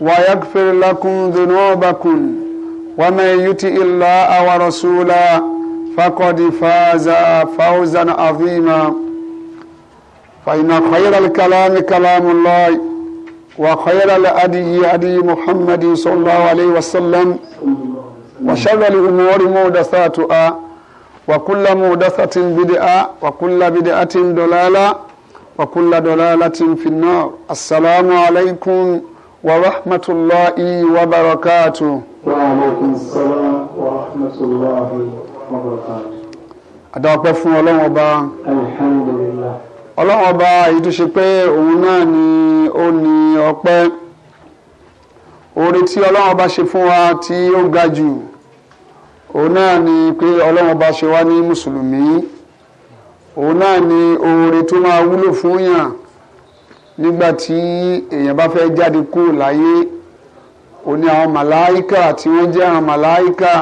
ويغفر لكم ذنوبكم ومن يطع الله ورسوله فقد فاز فوزا عظيما فإن خير الكلام كلام الله وخير الأدي أدي محمد صلى الله عليه وسلم وشر الأمور محدثاتها وكل محدثة بدعة وكل بدعة ضلالة وكل ضلالة في النار السلام عليكم ورحمة الله وبركاته السلام ورحمة الله وبركاته Adáwọ̀pẹ́ fún Ọlọ́run ọba. Alhamdulillah. Ọlọ́run ọba èyí tó ṣe pé òun náà ni ó ní ọpẹ́. Oore tí Ọlọ́run ọba ṣe fún wa tí ó ga jù. Òun náà ni pé Ọlọ́run ọba ṣe wá ní Mùsùlùmí. Òun náà ni oore tó máa wúlò fún yàn nígbà tí èèyàn bá fẹ́ jáde kúrò láyé ó ní àwọn màláíkà tí wọ́n jẹ́ àwọn màláíkà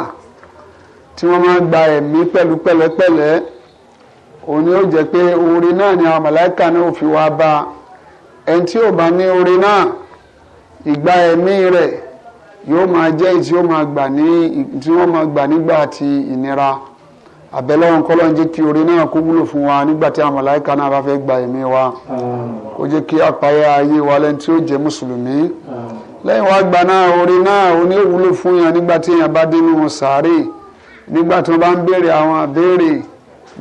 tí wọ́n máa ń gba ẹ̀mí pẹ̀lú pẹ̀lẹ́pẹ̀lẹ́ òun ni ó jẹ́ pé oore náà ni àwọn màláíkà náà ò fi wá bá ẹni tí ò bá ní oore náà ìgbà ẹ̀mí rẹ̀ yóò máa jẹ́ tí wọ́n máa gbà nígbà ti ìnira àbẹ̀lọ́wọ́n kọ́lọ́ ń jẹ́ kí orí náà kó wúlò fún wa nígbà tí àwọn màláíkà náà bá fẹ́ gba ẹ̀mí wa kó jẹ́ kí àpáyà ayé wa lẹ́ni tí ó jẹ́ mùsùlùmí lẹ́yìn wá gba náà orí náà ó ní wúlò fún yàn nígbà tí èèyàn bá dé nínú sàárè nígbà tí wọ́n bá ń béèrè àwọn àbéèrè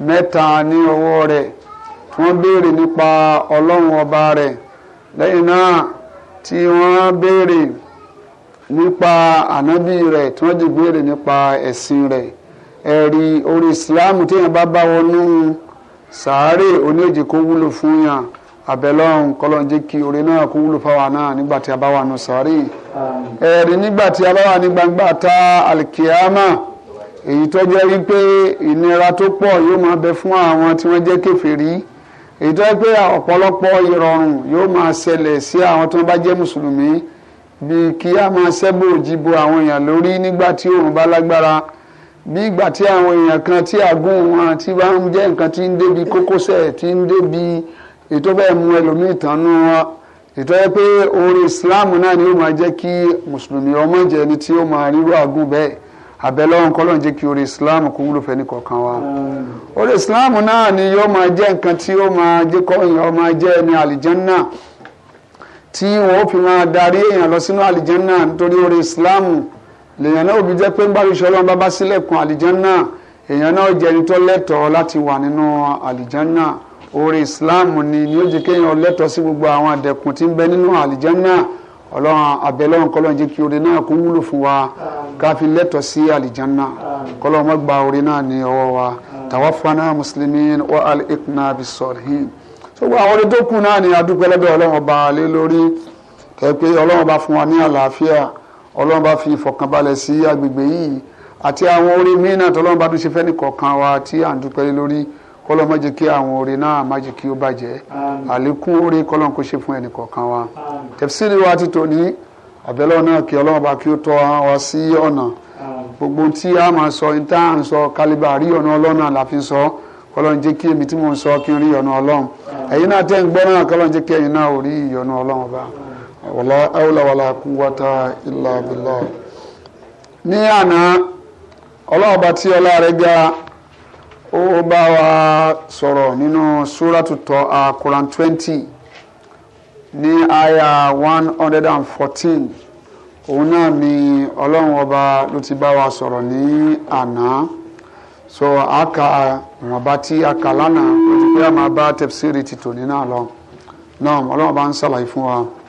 mẹ́ta ní ọwọ́ rẹ̀ tí wọ́n béèrè nípa ọlọ́run ọba rẹ̀ lẹ́yìn náà tí wọ́n béèrè nípa ànábì rẹ̀ tí wọ́n dì béèrè nípa ẹ̀sìn rẹ̀ ẹ̀rí orí ìsìláàmù téèyàn bá bá wọnú sàárè oníjì kó wúlò fún yàn àbẹ̀lọ́run kọ́lọ́n jẹ́ kí oore náà kó wúlò fáwa náà nígbà tí a bá wà nù sàárè ẹ̀rí nígbà tí a bá wà ní gbangba ta alikiyama èyí tó jẹ́ wípé ìnira tó pọ̀ yóò máa bẹ fún àwọn tí wọ́n jẹ́ kèfèrí èyí tó jẹ́ pé ọ̀pọ̀lọpọ̀ ìrọ̀rùn yóò máa ṣẹlẹ̀ sí àwọn tó bá jẹ́ mùsùlùmí bíi kí a máa ṣẹ́bù òjìbo àwọn èèyàn lórí nígbà tí òun bá lágbára nígbà tí àwọn èèyàn kan tí àgún wọn ti bá ń jẹ́ nǹkan tí ń débi kókósẹ̀ tí ń débi ètò bẹ́ẹ̀ mú ẹlòmíì tán nú wọn ètò yẹ pé oore Islam náà ni ó máa jẹ́ kí mùsùlùmí ọmọ jẹ́ ẹni tí ó máa ríru àgún bẹ́ẹ̀ àbẹ̀lọ́wọ́n kọ́ ló ń jẹ́ kí oore Islam kó wúlò fẹ́ ní kọ̀ọ̀kan wa oore Islam náà ni yóò máa jẹ́ nǹkan tí ó máa jẹ́ kọ́ èèyàn máa jẹ́ ẹni àlìjánná tí wọ́n fi máa darí èèyàn lọ sínú àlìjánná nítorí oore Islam lèèyàn náà òbí jẹ́ pé ń bá ríṣọ́ ọlọ́run bá bá sílẹ̀kùn àlìjánná èèyàn náà jẹ́ ẹni tó lẹ́tọ̀ọ́ láti wà nínú àlìjánná oore islam ni ni ó jẹ́ kéèyàn lẹ́tọ̀ọ́ sí gbogbo àwọn àdẹ̀kùn tí ń bẹ nínú àlìjánná ọlọ́run abẹ́lọ́run kọ́lọ́run jẹ́ kí oore náà kó wúlò fún wa ká fi lẹ́tọ̀ọ́ sí àlìjánná kọ́lọ́run má gba oore náà ní ọwọ́ wa tàwáfáná muslimin wa al-iqna bis-salihin àwọn ọdún tó kù náà ni adúpẹ́ lọ́dọ̀ ọlọ́run ọba lé lórí kẹ́ pé ọlọ́run ọba fún wa ní àlàáfíà ọlọ́run bá fi ìfọ̀kànbalẹ̀ sí agbègbè yìí àti àwọn orí míì náà tọ́lọ́run bá tún ṣe fẹ́ni kọ̀ọ̀kan wa tí à ń dúpẹ́ lórí kọ́lọ́ má jẹ́ kí àwọn orí náà má jẹ́ kí ó bàjẹ́ àlékún orí kọ́lọ́run kó ṣe fún ẹnì kọ̀ọ̀kan wa tẹ̀síìrì wa ti tòní àbẹ́lọ́ náà kí ọlọ́run bá kí ó tọ́ wa sí ọ̀nà gbogbo tí a máa sọ ìta à ń sọ kálíbà rí ọ̀nà ọlọ́run la fi sọ kọ́lọ́run jẹ́ kí èmi tí mò ń sọ kí n rí ọ̀nà ọlọ́run ẹ̀yin náà tẹ́ ń gbọ́ náà kọ́lọ́run jẹ́ kí ẹ̀yin náà ò rí ìyọnu ọlọ́run bá wala awla wala quwwata illa billah ní àná ọlọ́ọ̀bá tí ọlá rẹ̀ ga ó bá wa sọ̀rọ̀ nínú suratu a Quran twenty ní àyà one hundred and fourteen òun náà ni ọlọ́run ọba ló ti bá wa sọ̀rọ̀ ní àná so àkà ìwọ̀nba tí a kà lánàá ó ti pé a máa bá tafsiri ti tòní náà náà ọlọ́run ọba ń ṣàlàyé fún wa.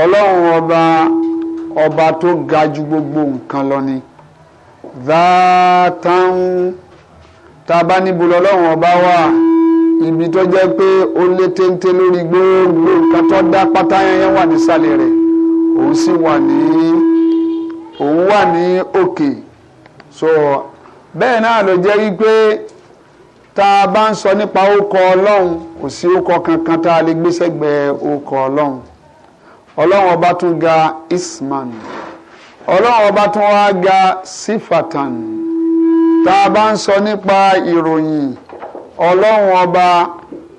ọlọ́run ọba ọba tó ga ju gbogbo nǹkan lọ ni zaatan tá a bá níbo lọ́lọ́run ọba wà ibi tó jẹ́ pé ó lé téńté lórí gbogbo nǹkan tó dá pátá yẹn wà nísàlẹ̀ rẹ̀ òun sì wà ní òun wà ní òkè so bẹ́ẹ̀ náà ló jẹ́ wípé tá a bá ń sọ nípa orúkọ ọlọ́run kò sí orúkọ kankan tá a lè gbé sẹ́gbẹ̀ẹ́ orúkọ ọlọ́run ọlọ́run ọba tún ga isman ọlọ́run ọba tún wá ga sifatan tá a bá ń sọ nípa ìròyìn ọlọ́run ọba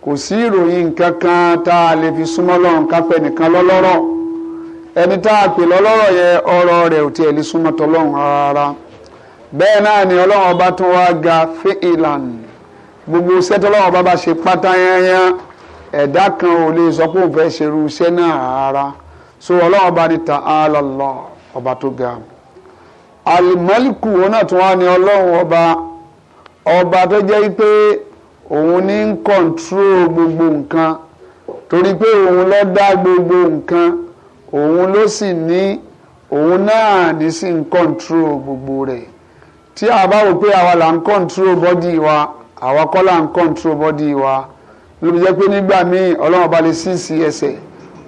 kò sí ìròyìn kankan tá a lè fi súnmọ́ ọlọ́run kápẹ́ nìkan lọ́lọ́rọ̀ ẹni tá a pè lọ́lọ́rọ̀ yẹn ọ̀rọ̀ rẹ̀ ò tiẹ̀ lè súnmọ́ tọlọ́run rárá bẹ́ẹ̀ náà ni ọlọ́run ọba tún wá ga fi'ilan gbogbo iṣẹ́ tọ́lọ́run ọba bá ṣe pátá yányán ẹ̀dá kan ò lè sọ pé òun fẹ́ ṣerú iṣẹ́ náà rárá so ọlọ́run ọba ni ta'ala Allah ọba tó ga alimẹ́líkù òun náà tún wá ní ọlọ́run ọba ọba tó jẹ́ pé òun ní ń kọ̀ǹtró gbogbo nǹkan torí pé òun ló dá gbogbo nǹkan òun ló sì ní òun náà ní sì ń kọ̀ǹtró gbogbo rẹ̀ tí a bá wò pé àwa là ń kọ̀ǹtró bọ́dì wa àwa kọ́ là ń kọ̀ǹtró bọ́dì wa ló fi jẹ́ pé nígbà míì ọlọ́run ọba lè sí sí ẹsẹ̀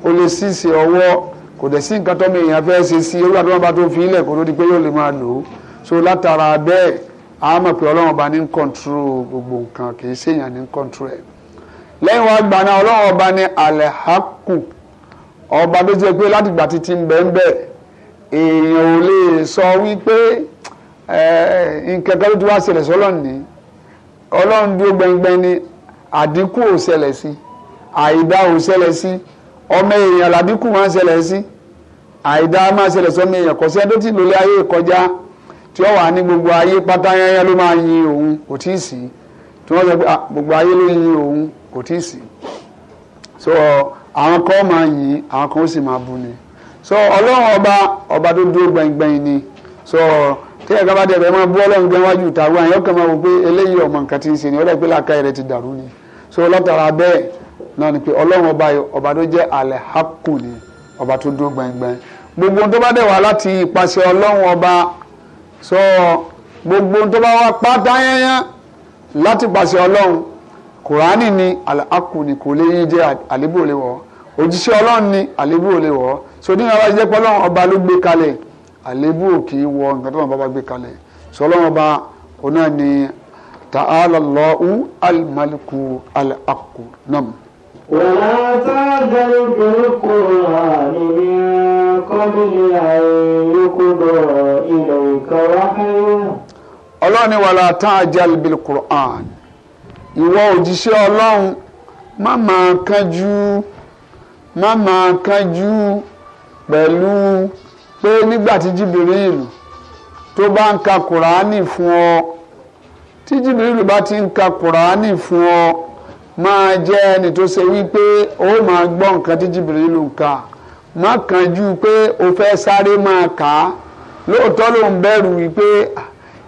ó lè ṣíṣe ọwọ́ kò dẹ̀ sí nǹkan tọ́mọ èèyàn fẹ́ ṣe sí ewúrẹ́ àti wọn bá tó fi ilẹ̀ kó ló di pé yóò lè máa lò ó so látara bẹ́ẹ̀ a mọ̀ pé ọlọ́run ọba ní ń kọ́ńtúrò gbogbo nǹkan kì í ṣèyàn ní ń kọ́ńtúrò ẹ̀ lẹ́yìn wá gbà náà ọlọ́run ọba ní alẹ́hàkù ọba tó jẹ́ pé láti gbà títí ń bẹ́ ń bẹ́ èèyàn ò lè sọ wípé nǹkan ló ti wá ṣẹlẹ̀ sọ́lọ́run ní ọlọ́run dúró gbẹngbẹ́n ní àdínkù ò ṣẹlẹ̀ sí àìdá ò ṣẹlẹ̀ sí ọmọ èèyàn làbíkù máa ń ṣẹlẹ̀ sí àìdá máa ń ṣẹlẹ̀ sọmọ èèyàn kò sí ẹni tó ti ayé kọjá tí ó wà ní gbogbo ayé pátá yányá ló máa yin òun kò tí ì sí tí wọ́n sọ pé gbogbo ayé ló yin òun kò tí ì sí so àwọn kan máa yin àwọn kan ó sì máa bu ni so ọlọ́run ọba ọba tó dúró gbẹ̀ngbẹ̀ng ni so tí ẹ̀ka bá dẹ̀ bẹ́ẹ̀ máa bú ọlọ́run gan wájú ìtàwọn àyọkàn máa wò pé eléyìí ọmọ nǹkan ti ń ṣe ni ọlọ́run pé làákàyè rẹ ti dàrú ni so látara bẹ́ẹ̀ náà ni pé ọlọ́run ọba yìí ọba tó jẹ́ alẹ́hàkù ni ọba tó dúró gbẹngbẹng gbogbo tó bá dẹ̀ wá láti ìpàṣẹ ọlọ́run ọba sọ gbogbo tó bá wá pátá yányán láti pàṣẹ ọlọ́run kùránì ni alẹ́hàkù ni kò lè yí jẹ́ àlébù ò lè wọ̀ òjíṣẹ́ ọlọ́run ni àlébù ò lè wọ̀ so ní ìyàrá jẹ́ pé ọlọ́run ọba ló gbé kalẹ̀ àlébù ò kì í wọ nǹkan tó wọn bá gbé kalẹ̀ sọ ta'ala Allahu al-maliku al-aqu nam. ولا تعجل بالقرآن من قبل أن يقضى إليك وحيه ọlọ́run ni wàlá ta'jal bil Qur'an ìwọ òjíṣẹ́ ọlọ́run má máa kánjú má máa kánjú pẹ̀lú pé nígbà tí Jibril tó bá ń ka Qur'ani fún ọ tí Jibril bá ń ka fún ọ Ma jẹ́ ẹni tó ṣe wípé ó máa gbọ́ nǹkan tí Jibrilu ń kà má pé o fẹ́ sáré máa kà á lóòótọ́ ló ń bẹ̀rù wípé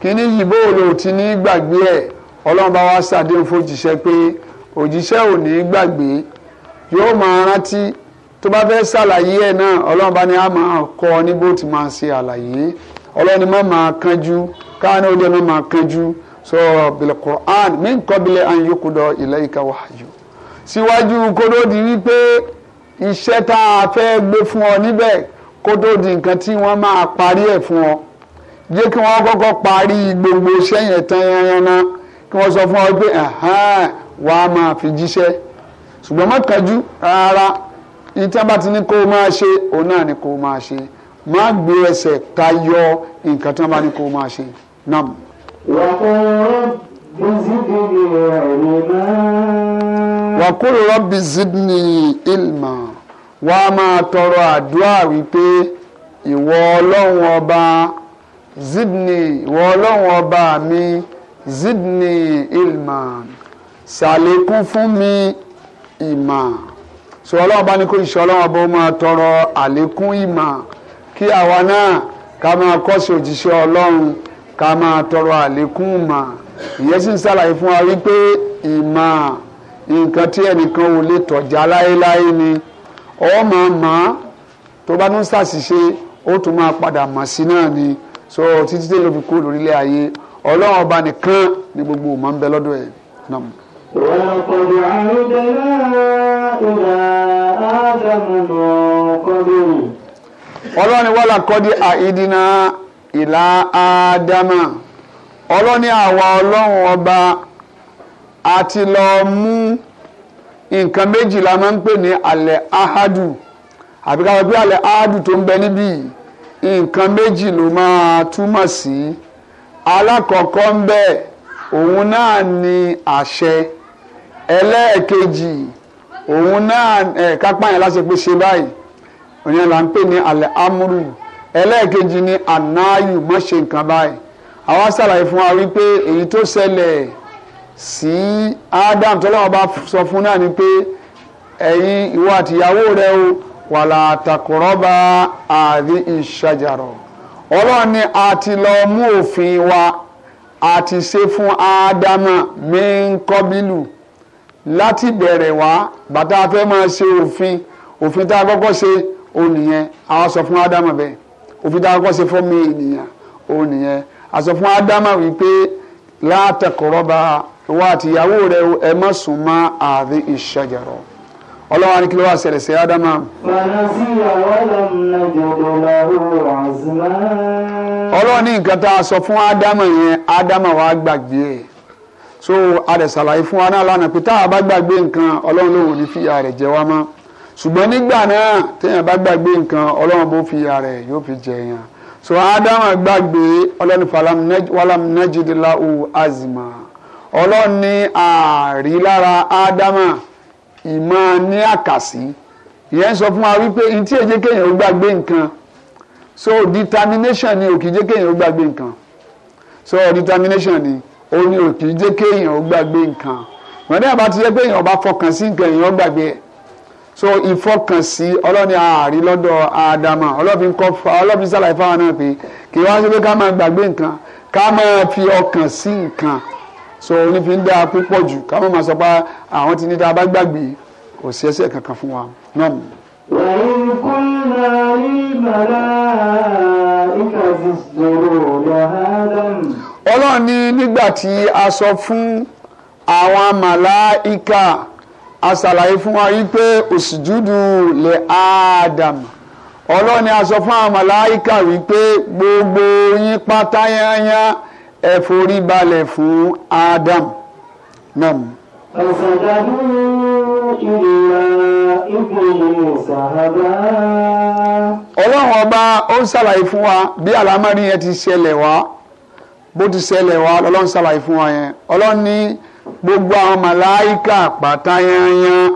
kíní yìí bó o lò ti ní gbàgbé ẹ̀ ọlọ́run bá wá ṣàdéhùn fòjíṣẹ́ pé òjíṣẹ́ ò ní gbàgbé yóò máa rántí tó bá fẹ́ ṣàlàyé ẹ̀ náà ọlọ́run bá ní máa kọ́ ọ ní bó ti ni má máa káwọn má máa so bilquran min qabli an yuqda ilayka wahyu síwájú kodo tó di wípé iṣẹ́ tá a fẹ́ gbé fún ọ níbẹ̀ kó tó di nǹkan tí wọ́n máa parí ẹ̀ fún ọ jẹ́ kí wọ́n kọ́kọ́ parí gbogbo iṣẹ́ tán yẹn náà kí wọ́n sọ fún ọ pé wà á máa fi jíṣẹ́ ṣùgbọ́n má kánjú rárá ìtẹ́ bá ti máa ṣe òun náà ni kó o máa ṣe má gbé ẹsẹ̀ tayọ nǹkan tí wọ́n bá ní kó máa ṣe náà wàkúrò rọ́bì zidni ilma wà á máa tọrọ àdúrà wípé ìwọ ọlọ́run ọba zidni ìwọ ọlọ́run ọba mi zidni ilma ṣàlékún fún mi ìmà sọ ọlọ́run bá ní kó ìṣọ́ ọlọ́run ọba ó máa tọrọ àlékún ìmà kí àwa náà ká máa kọ́ sí òjíṣẹ́ ọlọ́run ká máa tọrọ àlékún mà ìyẹn sì ń ṣàlàyé fún wa wípé ìmọ̀ nǹkan tí ẹnìkan ò lè tọ̀já láéláé ni ọmọ màá tó bá tún ṣàṣìṣe ó tún máa padà mà sí náà ni so títí tí ló fi kú lórílẹ̀ ayé ọlọ́run ọba nìkan ni gbogbo ọmọ ń bẹ lọ́dọ̀ ẹ̀ náà. ولقد عهدنا إلى آدم من قبل. ọlọ́run wàlàkọ́dí àìdínà ìlà ádámà ọlọ́ni àwa ọlọ́run ọba àti lọ mú nǹkan méjì la máa ń pè ní alẹ́ ahadu àbí ká sọ pé alẹ́ ahadu tó ń bẹ níbí nǹkan méjì ló máa túmọ̀ sí alákọ̀ọ́kọ́ ń bẹ òun náà ni àṣẹ ẹlẹ́ẹ̀kejì òun náà ẹ̀ kápá yẹn láṣẹ báyìí òun yẹn là ń pè ní alẹ́ amúrù ẹlẹ́ẹ̀kejì ni ànáyù má ṣe nǹkan báyìí àwọn ṣàlàyé fún wa wípé èyí tó ṣẹlẹ̀ sí Adam tọ́lọ́wọ́ bá sọ fún náà ni pé ẹ̀yin ìwọ àtìyàwó rẹ o wàlà àtàkùrọ́bà àdí ìṣàjàrọ̀ ọlọ́run ni a ti lọ mú òfin wa a ti ṣe fún Ádámà mẹ́ńkọ́bílù láti bẹ̀rẹ̀ wá bàtà fẹ́ máa ṣe òfin òfin tá a kọ́kọ́ ṣe òun nìyẹn àwa sọ fún Ádámà bẹ́ẹ̀ òfin tá a kọ́ ṣe fún mi ènìyàn òun nìyẹn àṣọ fún ádámà wípé látẹ̀kọ̀rọ̀bà ìwọ àti ìyàwó rẹ ẹ má sùn mọ́ àdé ìṣẹ̀jẹ̀rọ̀ ọlọ́wà ní kí ló wà ṣẹlẹ̀ sí ádámà. ọlọ́wà ní nǹkan tá a sọ fún ádámà yẹn ádámà wàá gbàgbé ẹ̀ so a lè ṣàlàyé fún wa náà lánàá pé tá a bá gbàgbé nǹkan ọlọ́run lòun ò ní fìyà rẹ̀ jẹ wá mọ́ ṣùgbọ́n nígbà náà téèyàn bá gbàgbé nǹkan ọlọ́run bó fi ara ẹ̀ yóò fi jẹ èèyàn so ádámà gbàgbé ọlọ́run wàlám nájídìláhù azìmà ọlọ́run ní ààrí lára ádámà ìmọ̀ ní àkàsí ìyẹn sọ fún wa wípé ntí èjé kéèyàn ó gbàgbé nǹkan so determination ni òkì jẹ́ kéèyàn ó gbàgbé nǹkan so determination ni òun ni òkì jẹ́ kéèyàn ó gbàgbé nǹkan wọ́n ní àbá ti jẹ́ pé èèyàn bá fọkàn sí nǹkan èèyàn ó gbàgbé ẹ̀ so ìfọkànsí ọlọ́ni ààrí lọ́dọ̀ àdàmà ọlọ́bìn kọ́ ọlọ́bìn sàlàyé fáwọn náà pé kì í wá sí pé ká máa gbàgbé nǹkan ká máa fi ọkàn sí nǹkan so ní fi ń dáa púpọ̀ jù ká máa sọ pé àwọn ti ní tá a bá gbàgbé kò sí ẹsẹ̀ kankan fún wa náà. wàhálà kúnlá ní bàrà ìkàdí sọ̀rọ̀ lọ́hàdàn. ọlọ́ni nígbà tí a sọ fún àwọn màláìka àṣàlàyé fún wa yí pé òsìjúdù lè ádámù ọlọ́run ni a sọ fún àwọn màláìkà wípé gbogbo yín pátá yányá ẹ forí balẹ̀ fún Adam náà. ọ̀sàdàmú ìrìnà ìgbìmọ̀ sàhábà. ọlọ́run ọba ó ṣàlàyé fún wa bí àlámọ́rí yẹn ti ṣẹlẹ̀ wá bó ti ṣẹlẹ̀ wá lọ́lọ́run ṣàlàyé fún wa yẹn ọlọ́run ní gbogbo àwọn màláìkà pàtàyànyàn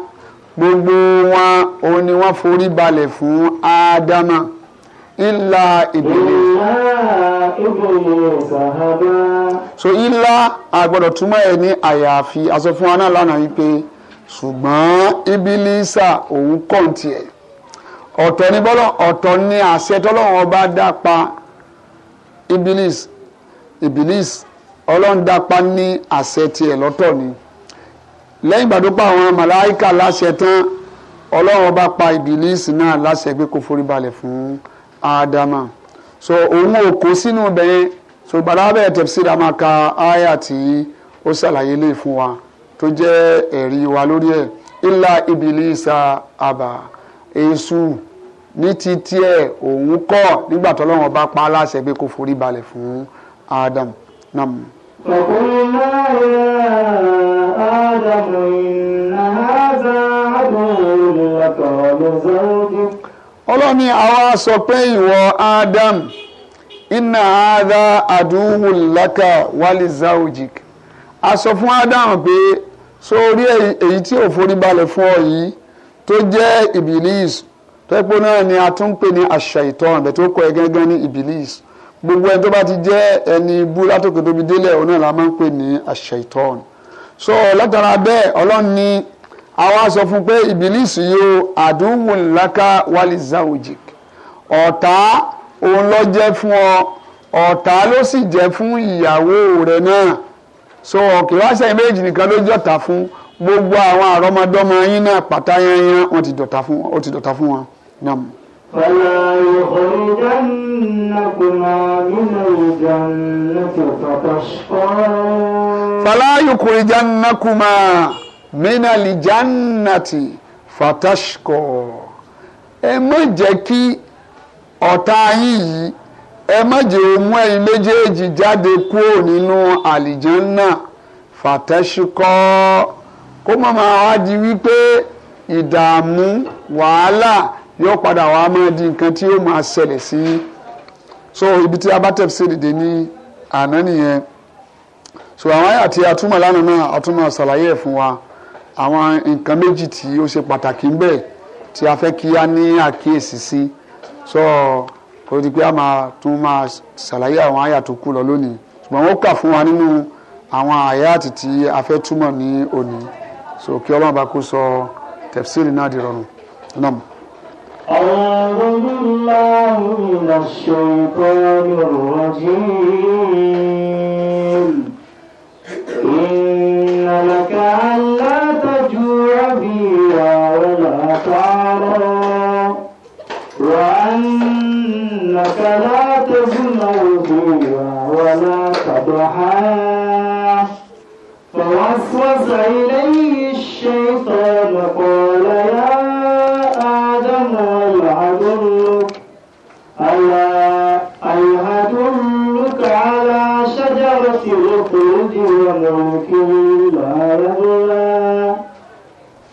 gbogbo wọn òun ni wọ́n forí balẹ̀ fún ádámà ìlà ìbílẹ̀. so ìlà àgbọ̀dọ̀ túmọ̀ ẹ̀ ní àyàfi aṣọ fún wa náà lánàá wípé ṣùgbọ́n ìbílísà òun kọ̀ǹtì ẹ̀ ọ̀tọ̀ ní bọ́lọ̀ ọ̀tọ̀ ní àṣẹ tọ́lọ́wọ́n bá dá pa ibilis ibilis ọlọ́run dápá ní àṣẹ tiẹ̀ lọ́tọ̀ ni lẹ́yìn ìgbà tó pa àwọn màláìka láṣẹ tán ọlọ́run ọba pa ìbílíìsì náà láṣẹ pé kó forí balẹ̀ fún ádámà so òun ò kó sínú bẹ́ẹ̀ so balabẹ́ tẹ̀síra máa ka áyà tí ó ṣàlàyé lè fún wa tó jẹ́ ẹ̀rí wa lórí ẹ̀ ilà ìbílíìsà àbà èṣù ní ti tiẹ̀ òun kọ̀ nígbà tọ́lọ́run ọba pa láṣẹ pé kó forí balẹ̀ fún ádámà. نعم فقلنا يا آدم إن هذا عدو لك ولزوجك ọlọ́ni àwa sọ pé ìwọ Adam inna hadha aduwwun laka wali zawjik a sọ fún Adam pé sórí èyí tí ò forí balẹ̀ fún ọ yìí tó jẹ́ ibilis tó ẹ̀pọ̀ náà ni a tún ń pè ní aṣàìtọ́ ọ̀bẹ tó kọ ẹ gángan ní ibilis gbogbo ẹni tó bá ti jẹ́ ẹni ibú látòkè tóbi délẹ̀ òun náà la máa ń pè ní àṣẹ̀tọ́n so látara bẹ́ẹ̀ ọlọ́run ni àwa sọ fún pé ìbílísì yóò àdúhùn ńláka wálé zawojik ọ̀tá òun ló jẹ́ fún ọ ọ̀tá ló sì jẹ́ fún ìyàwó rẹ̀ náà so ọ̀kẹ́ wá sẹ́yìn méjì nìkan ló jọ̀tá fún gbogbo àwọn àrọ́mọdọ́mọ yín náà pàtàyányán wọ́n ti dọ̀tá fún wọn. فلا يخرجنكما من الجنة فتشقى فلا يخرجنكما من الجنة فتشقى ẹ má jẹ́ kí ọ̀tá yín yìí ẹ má jẹ́ ó ẹ̀yin méjèèjì jáde kúrò nínú àlìjánná fàtẹ́síkọ́ kó má wá di wípé ìdààmú wàhálà yóò padà wá máa di nǹkan tí yóò máa ṣẹlẹ̀ sí so ibi tí abatep ṣe dìde ní àná nìyẹn so àwọn àyà tí a túmọ̀ lánàá náà a túmọ̀ ṣàlàyé ẹ̀ fún wa àwọn nǹkan méjì tí ó ṣe pàtàkì ń bẹ tí a fẹ́ kí a ní àkíyèsí sí so ó di pé a máa tún máa ṣàlàyé àwọn àyà tó kù lọ lónìí ṣùgbọ́n wọ́n kà fún wa nínú àwọn àyà àti tí a fẹ́ túmọ̀ ní òní so kí ọlọ́run bá kó sọ tẹ̀síìrì náà di rọrùn náà. أعوذ بالله من الشيطان الرجيم إن لك ألا تجوع فيها ولا تعرى وأنك لا تزن فيها ولا تضحى فوسوس إليه الشيطان قال يا وملك لا يبلى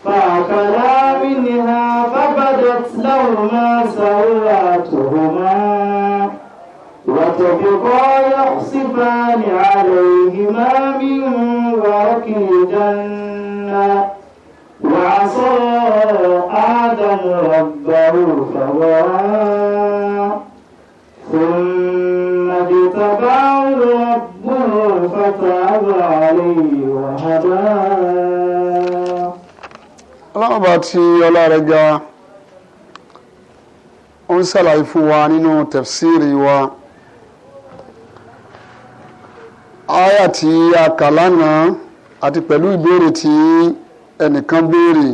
فأكلا منها فبدت لهما سواتهما وطبقا يخصفان عليهما من ورق الجنة وعصى آدم ربه ثم اجتباه ربه ọlọ́run bá ti ọlá rẹ̀ ga ó ń ṣàlàyé fún wa nínú tẹ̀fsíìrì wa àyà tí a kà lánàá àti pẹ̀lú ìbéèrè tí ẹnìkan béèrè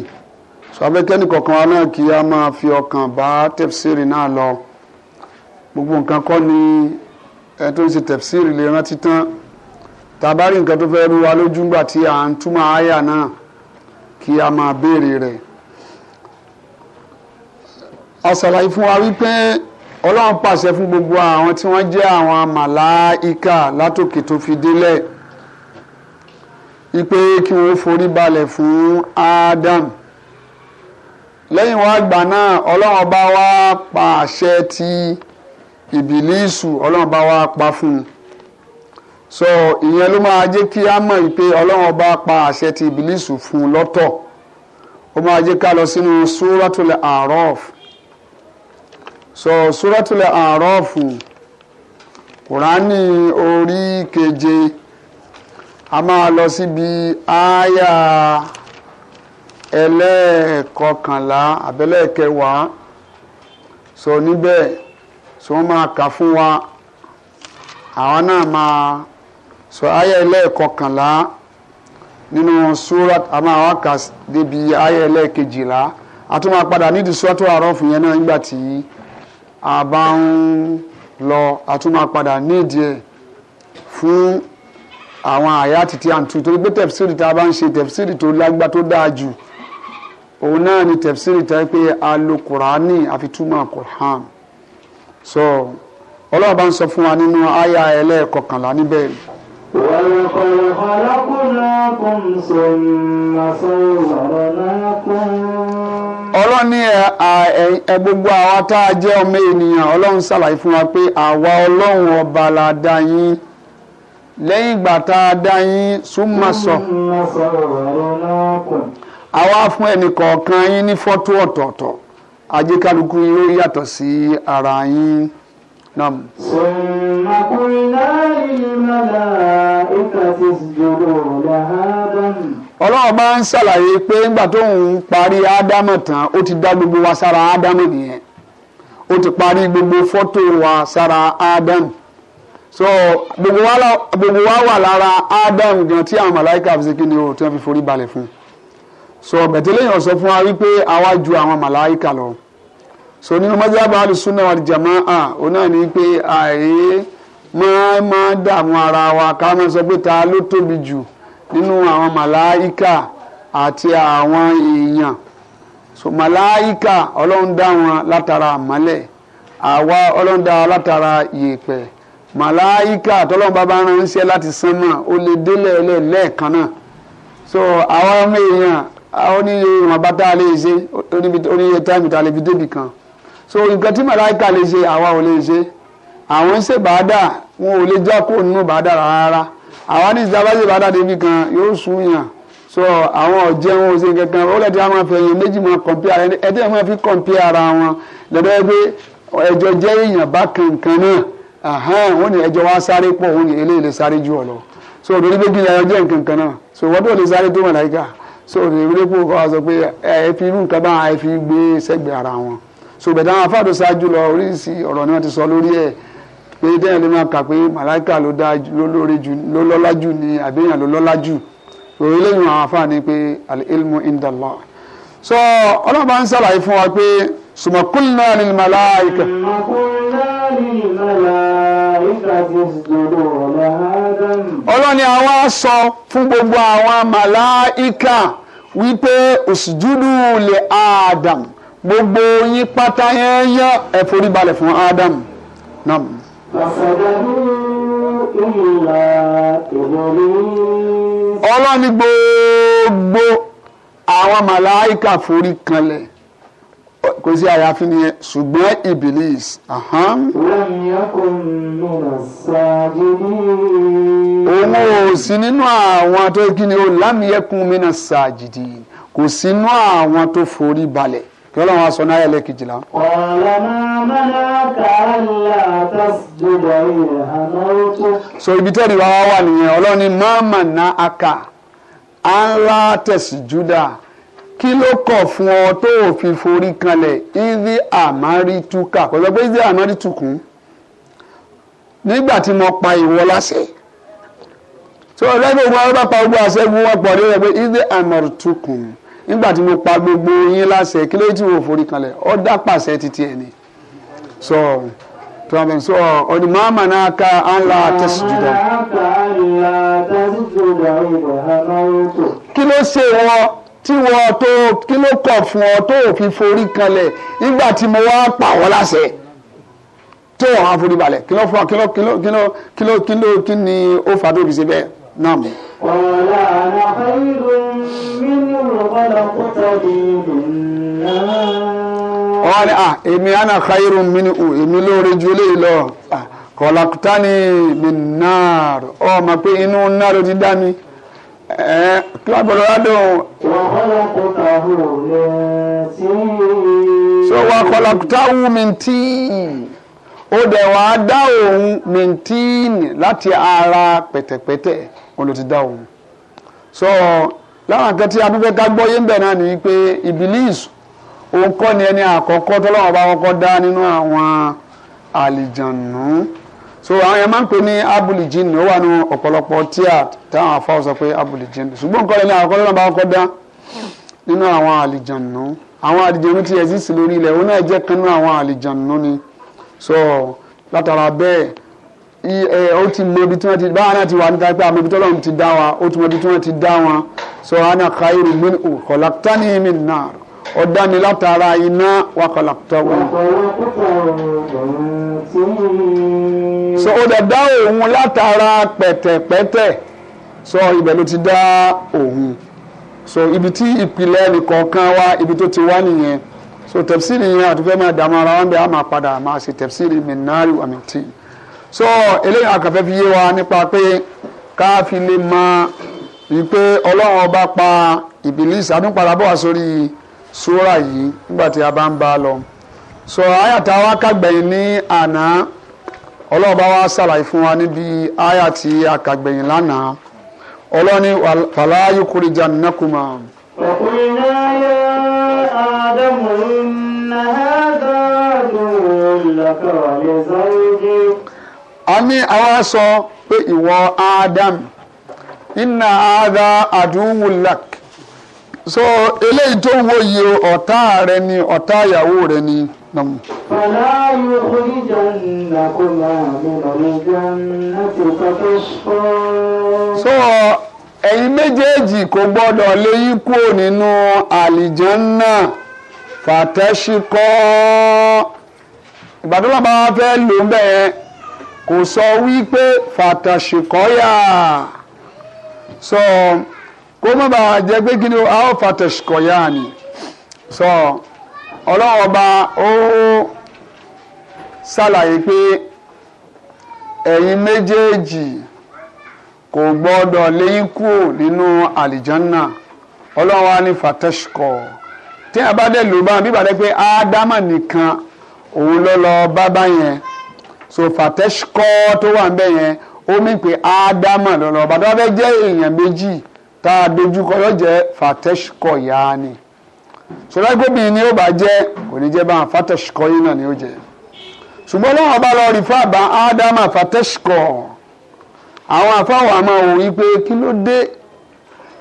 sọ́bẹ́kẹ́ni kọ̀ọ̀kan wa náà kí a máa fi ọkàn bá tẹ̀fsíìrì náà lọ gbogbo nǹkan kọ́ ni ẹni tó ń ṣe tẹ̀fsíìrì lè rántí tán tàbárí nǹkan tó fẹ́ rú wa lójú ńgbà tí à ń túmọ̀ àyà náà kí a máa béèrè rẹ̀ àṣàlàyé fún wa wípé ọlọ́run pàṣẹ fún gbogbo àwọn tí wọ́n jẹ́ àwọn màláìka látòkè tó fi délẹ̀ ipe kí wọ́n forí balẹ̀ fún Adam lẹ́yìn wá gbà náà ọlọ́run ọba wa pàṣẹ ti ìbílísù ọlọ́run ọba wa pa fún un so ìyẹn ló máa jẹ́ kí a mọ̀ pé ọlọ́run ọba pa àṣẹ ti ìbílísù fún un lọ́tọ̀ ó máa jẹ́ ká lọ sínú suratul A'raf so suratul A'raf kùránì orí keje a máa lọ síbi àyà ẹlẹ́ẹ̀kọkànlá àbẹ́lẹ́ẹ̀kẹwàá so níbẹ̀ so wọ́n máa kà fún wa àwọn náà máa so ayé ẹlẹ́ẹ̀kọkànlá nínú súra àmọ́ àwọn kà débi ayé ẹlẹ́ẹ̀kejìlá a tún máa padà nídìí súra tó àárọ̀ fún yẹn náà nígbà tí a bá ń lọ a tún máa padà nídìí ẹ̀ fún àwọn àyà títí àǹtú torí pé tẹ̀fsírì tá a bá ń ṣe tẹ̀fsírì tó lágbá tó dáa jù òun náà ni tẹ̀fsírì tá a pé a kùránì àfi kùrán so ọlọ́run bá ń sọ fún wa nínú àyà ẹlẹ́ẹ̀kọkànlá níbẹ̀ ولقد خلقناكم ثم صورناكم. ọlọ́run ní àwa tá a jẹ́ ọmọ ènìyàn ọlọ́run ṣàlàyé fún wa pé àwa ọlọ́run ọba la dá yín lẹ́yìn ìgbà tá a dá yín àwa fún ẹnìkọ̀ọ̀kan yín ní fọ́tò ọ̀tọ̀ọ̀tọ̀ ajé kálukú yín yàtọ̀ sí ara yín. نعم ثم قلنا للملائكة اسجدوا لآدم ọlọ́run bá ń ṣàlàyé pé ńgbà tó ń parí ádámù tán ó ti dá gbogbo wa sára ádámù nìyẹn ó ti parí gbogbo fọ́tò wa sára ádámù so gbogbo wa la gbogbo wa wà lára ádámù gan tí àwọn màláìka fi ṣe kí ni o tí wọ́n fi forí balẹ̀ fún so bẹ̀tẹ́lẹ́yìn ọ̀sọ́ fún wa wípé àwa ju àwọn màláìka lọ so nínú mọ́jábà alùsùnà àlìjàmáà òun náà ní pé àyè máa máa dààmú ara wa ká máa sọ pé ta ló tóbi jù nínú àwọn màláìkà àti àwọn èèyàn so màláìkà ọlọ́run dá wọn látara àmọ́lẹ̀ àwa ọlọ́run dá wa látara yèèpẹ̀ màláìkà tọ́lọ́run bàbá ránṣẹ́ láti sánmà ó lè délẹ̀ lẹ́ẹ̀kan náà so àwọn ọmọ èèyàn ó ní iye ìwọ̀nba tá a lè ṣe ó ní iye táìmù tá a lè fi débì kan so nǹkan tí màláìka lè ṣe àwa ò lè ṣe àwọn ṣe bàádà wọn ò lè já kó nínú bàádà rárá àwa ní ìsìlá ṣe bàádà débi kan yóò sún so àwọn ọ̀jẹ́ wọn ò ṣe kankan ó lẹ́tí àwọn afẹ́yìn méjì máa kọ̀m̀pé ara ẹni ẹ̀dẹ́ máa fi kọ̀m̀pé ara wọn lọ́dọ̀ ẹ pé ẹjọ́ jẹ́ èèyàn bá kankan náà wọ́n ní ẹjọ́ wa sáré pọ̀ wọ́n ní eléyìí lè sáré jù ọ so òdòdó pé ni ẹjọ́ nǹkan náà so wọ́n tó lè sáré tó màláìka so òdòdó pé kó wa sọ pé ẹ fi irú nǹkan bá ẹ fi gbé sẹ́gbẹ̀ẹ́ ara wọn ṣùgbọ́n àwọn afáàdó ṣáájú lọ oríṣi ọ̀rọ̀ ni wọ́n ti sọ lórí ẹ̀ pé téèyàn lè máa kà pé màláìkà ló lóore jù ló lọ́lá jù ni àbíyàn ló lọ́lá jù òun lẹ́yìn àwọn afáàní pé al-ilmu indallah ọlọ́run bá ń ṣàlàyé fún wa pé summa qulna lil malaika. ọlọ́ni àwa sọ fún gbogbo àwọn màláìkà wípé usjudu li Adam gbogbo yín pátá yẹn yá ẹ forí balẹ̀ fún ádámù náà. ọlọ́run ní gbogbo àwọn màláìka forí kanlẹ̀ kò sí àyàfi nìyẹn ṣùgbọ́n ibilis. òun ò sí nínú àwọn tó kí ni ó lámìyẹ́kùn mí náà ṣàjìdì kò sínú àwọn tó forí balẹ̀. kọ́lọ́ wọn sọ náà yẹlẹ́ kejìlá. so ibi tẹ́lẹ̀ wá wà nìyẹn ọlọ́run ní mọ́ọ̀mọ́ na aka anla kí ló fún ọ tó fi forí kanlẹ̀ izi àmárítúkà kò sọ pé izi àmárítúkù nígbà tí mo pa ìwọ láṣẹ so ọlọ́run ní bá pa wọn pọ̀ nígbà tí mo pa gbogbo yín láṣẹ kí ló tí mo forí kanlẹ̀ ọ dá pàṣẹ títí ẹ̀ ni so problem so ọdún mama náà ka anla tẹsíjúdọ. kí ló ṣe wọ tí wọ́n tó kí ló kọ̀ fún ọ tó fi forí kanlẹ̀ nígbà tí mo wá pa wọ́n láṣẹ tó wọ́n á forí balẹ̀ kí ló fún ọ kí ló kí ló kí ló kí ló kí ni ó fa tó fi ṣe bẹ́ẹ̀. نعم قال أنا خير منه خلقتني من نار قال آه إمي أنا خير منه إمي لو رجلي لو آه. kọlakutani binar ọ ma pé inú náró ti dá mi ẹ kílábọ̀dọ̀ ládùn. wàhálà kò kà hù lẹ sí i. so wa kọlakuta wù mí tí ó dẹ̀ wá dá òun mí tí láti ara pẹ̀tẹ̀pẹ̀tẹ̀ òun ló ti dá òun so láwọn nǹkan tí abúfẹ́ ká gbọ́ yé ń bẹ̀ náà ni pé ibilis òun kọ́ ni ẹni àkọ́kọ́ tọ́lọ́wọ́n bá kọ́kọ́ dá nínú àwọn àlìjànú so àwọn yẹn máa ń pè ní abulijin ó wà ní ọ̀pọ̀lọpọ̀ tíà táwọn afáwọ̀ sọ pé abulijin ṣùgbọ́n nǹkan ẹni àkọ́kọ́ tọ́lọ́wọ́n bá kọ́kọ́ dá nínú àwọn àlìjànú àwọn àlìjànú ti exist lórí ilẹ̀ òun náà jẹ́ kan nínú àwọn àlìjànú ni so látara bẹ́ẹ̀ ó ti mọ ibi tí wọ́n ti báwa náà ti wà níta pé àmọ́ ibi tọ́lọ́run ti dá wa ó ti mọ ibi tí wọ́n ti dá wọn sọ ana khairu min khalaqtani min nar ọ̀dá mi látara iná wa khalaqtahu. sọ ó dẹ̀ dá òun látara pẹ̀tẹ̀pẹ̀tẹ̀ sọ ibẹ̀ ló ti dá òun so ibi tí ìpìlẹ̀ nìkọ̀ọ̀kan wá ibi tó ti wá nìyẹn so tẹ̀psìrì yẹn àti fẹ́ máa dààmú ara wọn bẹ́ẹ̀ á máa padà máa ṣe tẹ̀psìrì min nari wa min tin. so eléyìí àkàfẹ́ fi yé wa nípa pé ká fi lè mọ wípé ọlọ́run ọba pa ìbílísì àdúgbàrá bọ̀ wá sórí súrà yìí nígbà tí a bá ń bá a lọ so àyàtà wa kàgbẹ̀yìn ní àná ọlọ́run bá wa ṣàlàyé fún wa níbi àyàtì àkàgbẹ̀yìn lánàá ọlọ́run ní fàlà yukuri jannakuma. ọ̀kùnrin náà yẹ ádámù ń na hàdà lóun lọ́kọ̀ a ní àwa sọ pé ìwọ Adam iná ada àdúwùlak so eléyìí tó wo yìí ọ̀tá rẹ ni ọ̀tá ìyàwó rẹ ni. نعم فلا so ẹ̀yin méjèèjì kò gbọ́dọ̀ lé yín kúrò nínú àlìjánná fàtẹ́síkọ́ ìgbàdúrà bá wọn fẹ́ lò ń bẹ́ẹ̀ kò sọ wípé fàtàṣìkọ́yà sọ kó má bàa jẹ pé kí ni a ó fàtàṣìkọ́yà ni sọ ọlọ́run ọba ó ṣàlàyé pé ẹ̀yin méjèèjì kò gbọ́dọ̀ léyìn kúrò nínú àlìjánná ọlọ́run wa ní fàtàṣìkọ́ tí a bá dẹ̀ lò bá bíbá dẹ́ pé ádámà nìkan òun lọlọ lọ bá bá yẹn. so fàtẹ́síkọ́ tó wà níbẹ̀ yẹn ó pe Adama ádámà lọ́lọ́ bàtà bẹ́ẹ̀ jẹ́ èèyàn méjì tá a dojúkọ yóò jẹ́ fàtẹ́síkọ́ yá ni sọlá ni yóò bá jẹ́ kò ní jẹ́ bá fàtẹ́síkọ́ yìí náà ni yóò jẹ́ ṣùgbọ́n lọ́wọ́ bá lọ rí fáàbà ádámà fàtẹ́síkọ́ àwọn afáwọn àmọ́ òun yìí pé kí ló dé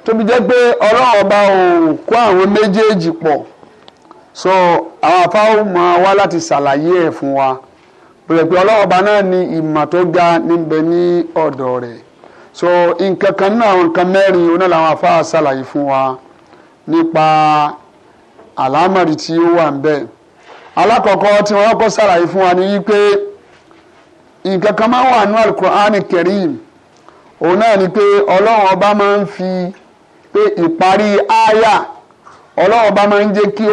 tóbi jẹ́ pé ọlọ́wọ́ bá òun kó àwọn méjèèjì pọ̀ so àwọn afáwọn máa wá láti sàlàyé ẹ̀ fún wa. bẹ̀rẹ̀ pé naa ni ìmọ̀ tó ga níbẹ̀ ní ọ̀dọ̀ rẹ̀ so nǹkan kan nínú àwọn nǹkan mẹ́rin oná làwọn afáà ṣàlàyé fún wa nípa àlámọ̀rí tí ó wà ń alákọ̀ọ́kọ́ tí wọ́n kọ́ ni wípé nǹkan kan máa wà nínú alukur'an kẹrim òun náà ni pé ọlọ́run ọba máa ń fi pé ìparí àyà ọba máa ń jẹ́ kí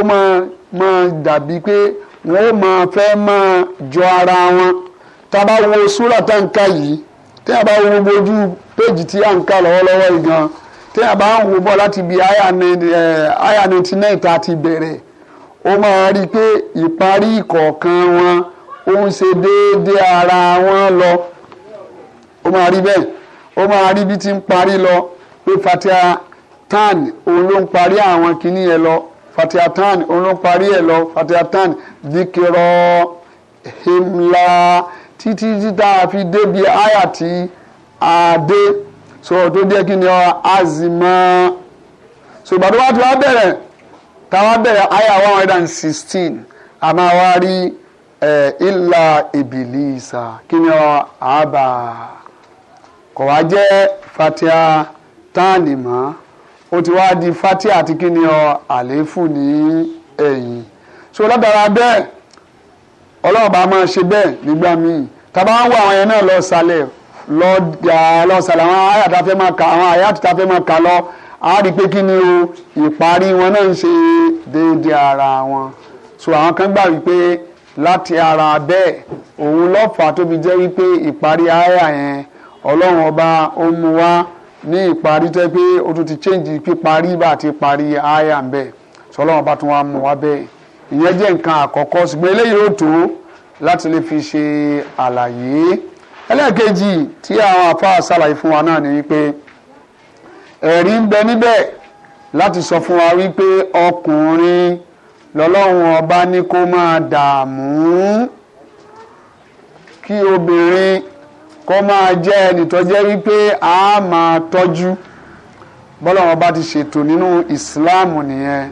wọ́n máa fẹ́ máa jọ ara wọn tábà wo súrà tá ń ka yìí tí a bá wo ojú péjì tí a ń ka lọ́wọ́lọ́wọ́ yìí gan tí a bá ń wo bọ́ láti ibi àyà eh, ninety nine tá a ti bẹ̀rẹ̀ ó máa rí i pé ìparí kọ̀ọ̀kan wọn ó ń ṣe déédéé ara wọn lọ ó máa rí bẹ́ẹ̀ ó máa rí bí ti ń parí lọ pé fatia tan òun ló ń parí àwọn kinní lọ fatiha tan òun ló parí ẹ̀ lọ fatiha tan himla títí títà fi débi àyà tí a dé sọ̀rọ̀ tó jẹ́ kí ni ọ azimọ́ ṣùgbọ́n tó wá ti wá bẹ̀rẹ̀ táwa bẹ̀rẹ̀ àyà one hundred and sixteen a máa wá rí ìlà ìbìlísà kí ni ọ àbà kò wá jẹ́ fatiha tan ó ti wá di fati àti kíni ọ àlééfù ní ẹ̀yìn so lọ́dàra bẹ́ẹ̀ ọlọ́ọ̀bá máa ṣe bẹ́ẹ̀ nígbà míì tàbá ń wọ àwọn yẹn náà lọ sálẹ̀ lọ́dà lọ sálẹ̀ àwọn àyà tá a fẹ́ máa kà àwọn àyà tá a fẹ́ máa kà lọ á pé kíni o ìparí wọn náà ń ṣe déédéé ara wọn so àwọn kan gbà wípé láti ara bẹ́ẹ̀ òun lọ́fà tóbi jẹ́ wípé ìparí àyà yẹn ọlọ́run ọba ó mú wá ní ìparí tó yẹ pé ó tún ti change píparí bá ti parí àyà ń bẹ̀ sọlọ́wọ́n bá tún wá mú wa bẹ́ẹ̀ ìyẹn jẹ́ nǹkan àkọ́kọ́ ṣùgbọ́n eléyìí ó tó láti lè fi ṣe àlàyé ẹlẹ́ẹ̀kejì tí àwọn àfáà ṣàlàyé fún wa náà ni wípé ẹ̀rí ń bẹ níbẹ̀ láti sọ fún wa wípé ọkùnrin lọ́lọ́run ọba ní kó máa dààmú kí obìnrin kó máa jẹ́ ẹni tó jẹ́ wípé a máa tọ́jú bọ́lọ́wọ́n bá ti ṣètò nínú ìsìláàmù nìyẹn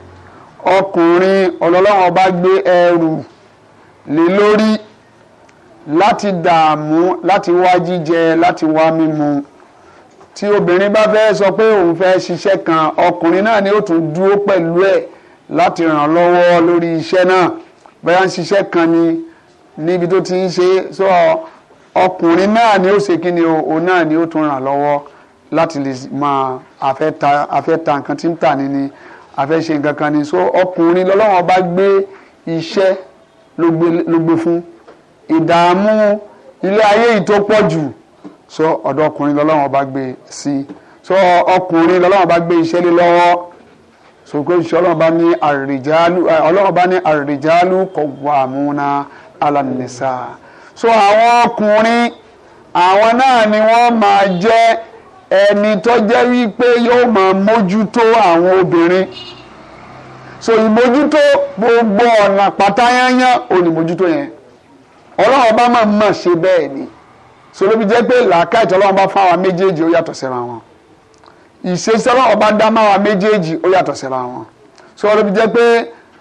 ọkùnrin ọlọ́lọ́wọ́n bá gbé ẹrù lé lórí láti dààmú láti wá jíjẹ láti wá mímu tí obìnrin bá fẹ́ sọ pé òun fẹ́ ṣiṣẹ́ kan ọkùnrin náà ni ó tún dúró pẹ̀lú ẹ̀ láti ràn lọ́wọ́ lórí iṣẹ́ náà bóyá ń ṣiṣẹ́ kan ni níbi tó ti ń ṣe sọ. So, ọkùnrin náà ni ó ṣe kí ni o òun náà ni ó tún ràn lọ́wọ́ láti lè máa afẹ́ ta nǹkan tí ń tà ní ni afẹ́ ṣe nǹkan kan ni so ọkùnrin lọ́lọ́wọ́n bá gbé iṣẹ́ ló gbé fún ìdààmú ilé ayé yìí tó pọ̀ jù so ọ̀dọ̀ ọkùnrin lọ́lọ́wọ́n bá gbé sí so ọkùnrin lọ́lọ́wọ́n bá gbé iṣẹ́ lé lọ́wọ́ sọ̀kò ìṣẹ́ ọlọ́run bá ní àrìjálù ọlọ́run bá ní so àwọn ọkùnrin àwọn náà ni wọ́n máa jẹ́ ẹni tó jẹ́ wípé yóò máa mójútó àwọn obìnrin so ìmójútó gbogbo ọ̀nà pátáyányán olùmójútó yẹn ọlọ́run bá máa mọ̀ ṣe bẹ́ẹ̀ ni so ló fi jẹ́ pé làákàyè tí ọlọ́run bá fún àwọn méjèèjì ó yàtọ̀ síra wọn ìṣesí ọlọ́run bá dá máa méjèèjì ó yàtọ̀ síra wọn so ló fi jẹ́ pé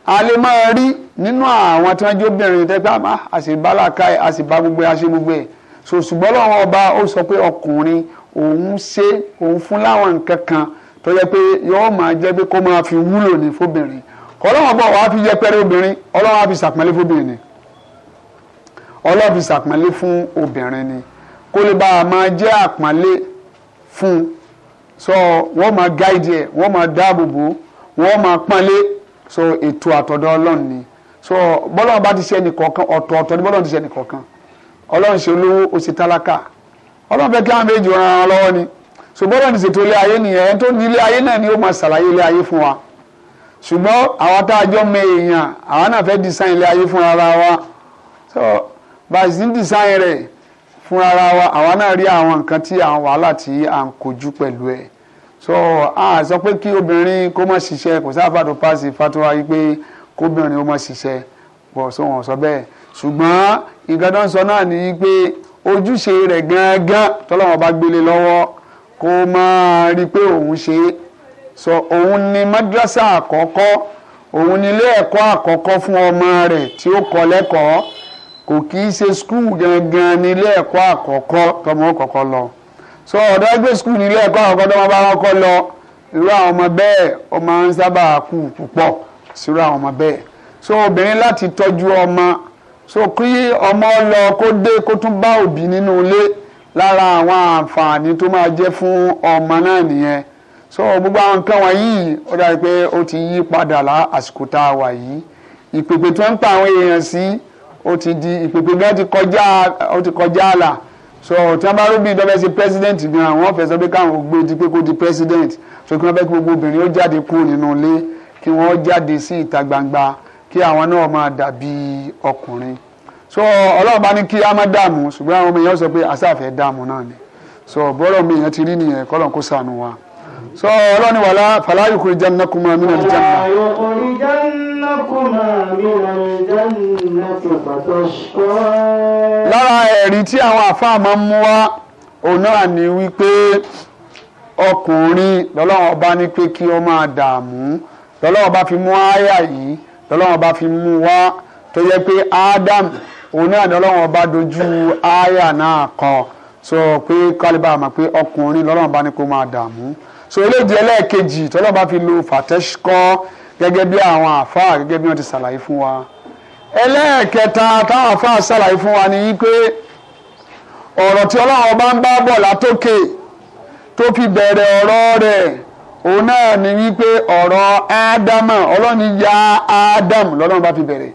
a máa rí nínú àwọn tí wọ́n jó obìnrin tẹ́gbẹ́ àmọ́ àṣìbálàkà àṣìbá gbogbo àṣì gbogbo ẹ̀ so ṣùgbọ́n lọ́wọ́ ọba ó sọ pé ọkùnrin òun ṣe òun fún láwọn nǹkan kan tó yẹ pé yọ́ọ́ máa jẹ́ pé kó máa fi wúlò ní fóbìnrin ọlọ́wọ́n bọ̀ wá fi yẹpẹrẹ obìnrin ọlọ́wọ́n á fi ṣàpọ́nlé fóbìnrin ni ọlọ́wọ́n fi ṣàpọ́nlé fún obìnrin ni kó lè bá a máa jẹ́ àpọ́nlé fún so wọ́n máa gáìdì ẹ̀ wọ́n máa dáàbò wọ́n máa pọ́nlé so ètò àtọ̀dọ̀ ọlọ́run ni. so bọ́lọ́run bá ti ṣe ọtọ ọtọ ni bọ́lọ́run ti ṣe ẹnìkọ̀ọ̀kan ọlọ́run ṣe olówó o ṣe tálákà ọlọ́run kí àwọn méjì ni so bọ́lọ́run ti ṣètò ilé ayé nìyẹn ẹni tó ní ilé ayé náà ni ó máa ṣàlàyé ilé ayé fún wa ṣùgbọ́n àwa tá a jọ mọ èèyàn àwa náà fẹ́ design ilé ayé ara wa so ń design wa àwa náà rí àwọn nǹkan tí àwọn wàhálà tí à ń so a sọ pé kí obìnrin kó má ṣiṣẹ́ kò pàṣẹ kóbìnrin ó máa ṣiṣẹ́ pọ̀ sóhun ọ̀sọ́ bẹ́ẹ̀ ṣùgbọ́n nǹkan náà ni pé ojúṣe rẹ̀ gangan tọ́lọ́wọ́n bá gbélé lọ́wọ́ kó máa rí i pé òun ṣe é sọ òun ni madrasa àkọ́kọ́ òun ni ilé ẹ̀kọ́ àkọ́kọ́ fún ọmọ rẹ̀ tí ó kọ́ lẹ́kọ̀ọ́ kò kì í ṣe skul gangan ní ilé ẹ̀kọ́ àkọ́kọ́ tọmọ kọ́kọ́ lọ sọ ọ̀dọ́ ẹgbẹ́ skul ní ilé ẹ̀kọ́ àkọ́kọ́ tọmọ bá wọn kọ́ lọ irú àwọn ọmọ bẹ́ẹ̀ ọmọ ń sábà kú púpọ̀ sírò àwọn ọmọ bẹ́ẹ̀ so obìnrin láti tọ́jú ọmọ so kí ọmọ lọ kó dé kó tún bá òbí nínú ilé lára àwọn àǹfààní tó máa jẹ́ fún ọmọ náà nìyẹn so gbogbo àwọn nǹkan wọ̀nyí ó dàbí pé ó ti yí padà lá àsìkò tá a wà yìí ìpèpè tó ń pa àwọn èèyàn sí ó ti di ìpèpè gan ti kọjá ó ti kọjá àlà so tí wọ́n bá rí ìdọ́fẹ́ sí president gan àwọn fẹ̀sọ́ pé káwọn ò gbé di pé kó di president so kí wọ́n fẹ́ kí gbogbo obìnrin ó jáde kúrò nínú ilé kí wọ́n jáde sí ìta gbangba kí àwọn náà máa dàbí ọkùnrin so ọlọ́run bá ní kí a má dààmú ṣùgbọ́n àwọn ọmọ èèyàn sọ pé àṣàfẹ́ dààmú náà ni so bọ́lọ̀ mi èèyàn ti rí nìyẹn kọ́lọ̀ kó sànù wa so ọlọ́run ni wàlá fàlà yòókùn ìjà nínú kùmọ̀ mí nàlẹ́ jẹ́ nà. lára ẹ̀rí tí àwọn àfáà máa ń mú wá òun náà ni wípé ọkùnrin lọ́lọ́run ọba ní pé kí ó máa dààmú tọ́lọ́wọ́n bá fi mú àyà yìí tọ́lọ́wọ́n bá fi mú wá tó yẹ pé Adam òun náà ni ọlọ́wọ́n bá dojú àyà náà kọ sọ pé kálíbà mà pé ọkùnrin lọ́lọ́wọ́n bá ní kó máa dààmú so eléjì ẹlẹ́ẹ̀kejì tọ́lọ́wọ́n bá fi lo fàtẹ́síkọ́ gẹ́gẹ́ bí àwọn àfáà gẹ́gẹ́ bí wọ́n ti ṣàlàyé fún wa ẹlẹ́ẹ̀kẹta táwọn àfáà ṣàlàyé fún wa ni pé ọ̀rọ̀ tí ọlọ́wọ́n bá ń bá bọ̀ látòkè tó fi bẹ̀rẹ̀ ọ̀rọ̀ rẹ̀ òun náà ni wípé ọ̀rọ̀ ádámà ọlọ́ni ya ádámù lọ́lọ́run bá fi bẹ̀rẹ̀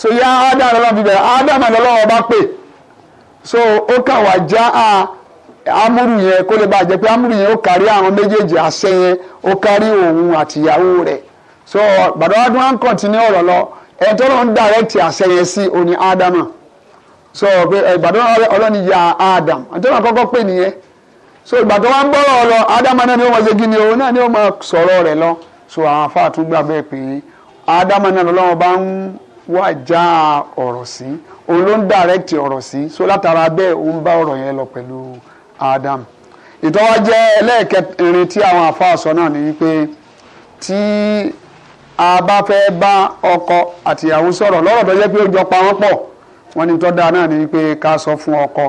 so ya ádámù lọ́lọ́run fi bẹ̀rẹ̀ ádámù lọ́lọ́run bá pè so ó kà wá já a amúrù yẹn kó lè bàa jẹ pé amúrù yẹn ó kárí àwọn méjèèjì àṣẹ yẹn ó kárí òun àtìyàwó rẹ̀ so gbàdọ́ adúlá ń kọ̀tínú ọ̀rọ̀ lọ ẹni tó lọ́n dàrẹ́tì àṣẹ yẹn sí òní ádámù so gbàdọ́ eh, ọlọ́ni ya ádámù ẹni tó lọ́n kọ́kọ́ pè nìyẹn so ìgbà tó wá ń bọ́rọ̀ lọ ádámà náà ni ó máa ṣe gíní òun náà ni ó máa sọ̀rọ̀ rẹ̀ lọ so àwọn afá tún gbà bẹ́ẹ̀ pé ádámà náà lọ́wọ́ bá ń wà já ọ̀rọ̀ sí òun ló ń dàrẹ́kìtì ọ̀rọ̀ sí so látara bẹ́ẹ̀ ó ń bá ọ̀rọ̀ yẹn lọ pẹ̀lú ádámù ìtọ́wá jẹ́ ẹlẹ́ẹ̀kẹrin tí àwọn afá sọ náà ni wípé tí a bá fẹ́ bá ọkọ àtìyàwó sọ̀rọ̀ lọ́rọ̀ tó jẹ́ pé ó jọ pa wọ́n pọ̀ wọ́n ní tọ́ da náà ni wípé ká sọ fún ọkọ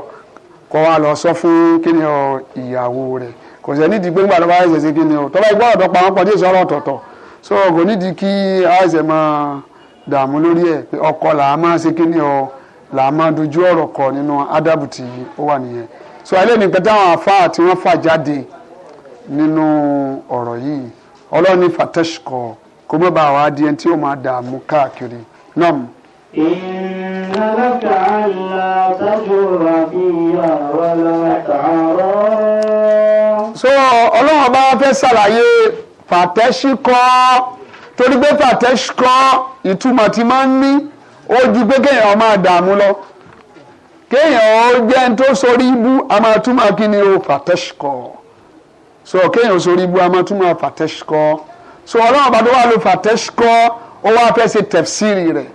kó wá lọ sọ fún kíni ọ ìyàwó rẹ̀ kò sẹ́ nídìí pé ńgbà tó bá ẹsẹ̀ sí kíni ọ tó bá ọ̀dọ́ pa pọ̀ tí ọ̀tọ̀ọ̀tọ̀ so kò nídìí kí àìsẹ̀ máa dààmú lórí ẹ̀ pé ọkọ làá máa ṣe kíni ọ làá máa dojú ọ̀rọ̀ kọ nínú ádàbù tí ó wà nìyẹn so ilé nìkan táwọn afá tí wọ́n fà jáde nínú ọ̀rọ̀ yìí ọlọ́ọ̀ni fatashkọ kó mọ́ bá wa di ẹni tí ó máa dààmú káàkiri náà. إن لك ألا تجر فيها ولا تعرى so ọlọ́run bá fẹ́ ṣàlàyé fàtẹ́síkọ́ torí pé fàtẹ́síkọ́ ìtumọ̀ tí máa ń ní ó ju pé kéèyàn máa dààmú lọ kéèyàn ó jẹ́ ń tó sórí ibú a máa túmọ̀ kí ni o fàtẹ́síkọ́ so kéèyàn sórí ibú a máa túmọ̀ fàtẹ́síkọ́ so ọlọ́run bá tó wà ló fàtẹ́síkọ́ ó wá fẹ́ ṣe tẹ̀fsíìrì rẹ̀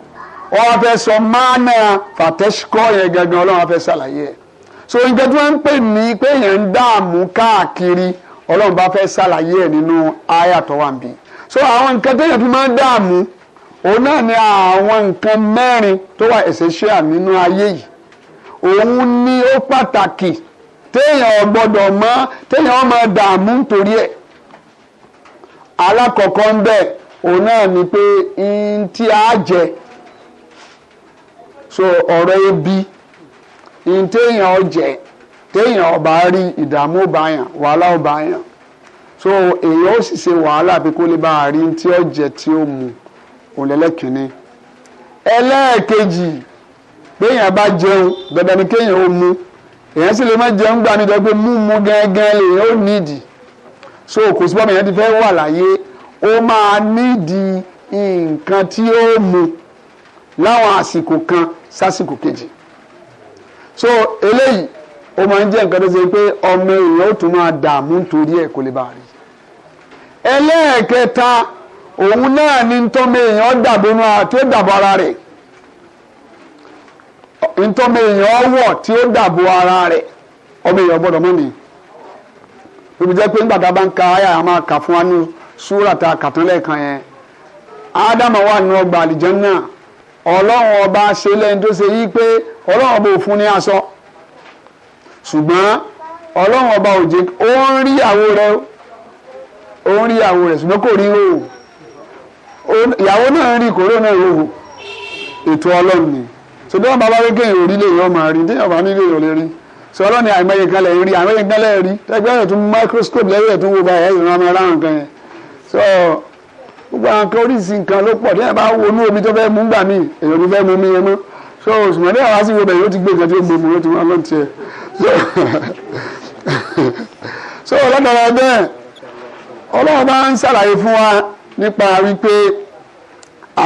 wọ́n fẹ́ sọ máàna fàtẹ́síkọ́ yẹn gangan ọlọ́run fẹ́ ṣàlàyé ẹ̀ so nǹkan tí wọ́n ń pè ní pé yẹn ń dààmú káàkiri ọlọ́run bá fẹ́ ṣàlàyé ẹ̀ nínú àyà tó so àwọn nǹkan téèyàn fi máa ń dààmú òun náà ni àwọn nǹkan mẹ́rin tó wà essential nínú ayé yìí òun ni ó pàtàkì téèyàn gbọ́dọ̀ mọ̀ téèyàn máa dààmú nítorí ẹ̀ alákọ̀ọ́kọ́ ń bẹ òun náà ni pé n tí so ọ̀rọ̀ ebi ìtẹ̀yàn ọ̀jẹ̀ téèyàn ọba rí ìdààmú ọba yàn wàhálà ọba yàn so èèyàn ó sì ṣe wàhálà bí kò lè bá a rí tí ọ̀jẹ̀ tí ó mu òun lẹ́lẹ́kìnní ẹlẹ́ẹ̀kejì béèyàn bá jẹun dandan ni kéèyàn ó mu èèyàn sì lè má jẹun gbà nítorí pé mímu gángan lèèyàn ó nídìí so kò sí bọ́ọ̀mù èèyàn ti fẹ́ wà láyé ó máa nídìí nǹkan tí ó mu láwọn àsìkò kan sásìkò kejì so eléyìí ọ máa ń jẹ́ nǹkan tó ṣe pé ọmọ èèyàn ó tún máa dààmú nítorí ẹ̀ lè bá a rí ẹlẹ́ẹ̀kẹta òun náà ni ntọ́mọ èèyàn dàbọnú tí ó ara rẹ̀ ntọ́mọ èèyàn wọ̀ tí ó dàbọ̀ ara rẹ̀ ọmọ èèyàn gbọ́dọ̀ mọ́ jẹ́ pé nígbà tá a ní a kà tán lẹ́ẹ̀kan yẹn ádámà wà ọlọ́run ọba ṣe lẹ́ni tó ṣe yí pé ọlọ́run ọba ò fún ní aṣọ ṣùgbọ́n ọlọ́run ọba ò jẹ́ ó ń rí ìyàwó rẹ̀ ó ń rí ìyàwó rẹ̀ ṣùgbọ́n kò rí òwò ìyàwó náà ń rí kòró náà òwò ètò ọlọ́run ni so bí wọ́n bá bá wí kéèyàn orí lè yọ̀ máa rí tí bá nílé yọ̀ lè rí so ọlọ́run ni àìmọye kan lẹ̀ rí àìmọye kan lẹ̀ rí tẹ́gbẹ́ yẹ̀ tún microscope lẹ́yìn ẹ̀ tún wo báyìí ẹ̀yìn ọmọ ẹ̀ráhùn so gbogbo àwọn kan oríṣi nǹkan ló pọ̀ lẹ́yìn bá wọnú omi tó fẹ́ mú gbà mí èèyàn ló fẹ́ mú mi yẹn mọ́ so ṣùgbọ́n ní àwọn àṣìwò bẹ̀rẹ̀ yóò ti gbé nǹkan tí ó gbé mu yóò ti wọ́n lọ́n tiẹ̀ so ọlọ́dọ̀ọ́dọ̀ bẹ́ẹ̀ ọlọ́run bá ń ṣàlàyé fún wa nípa wípé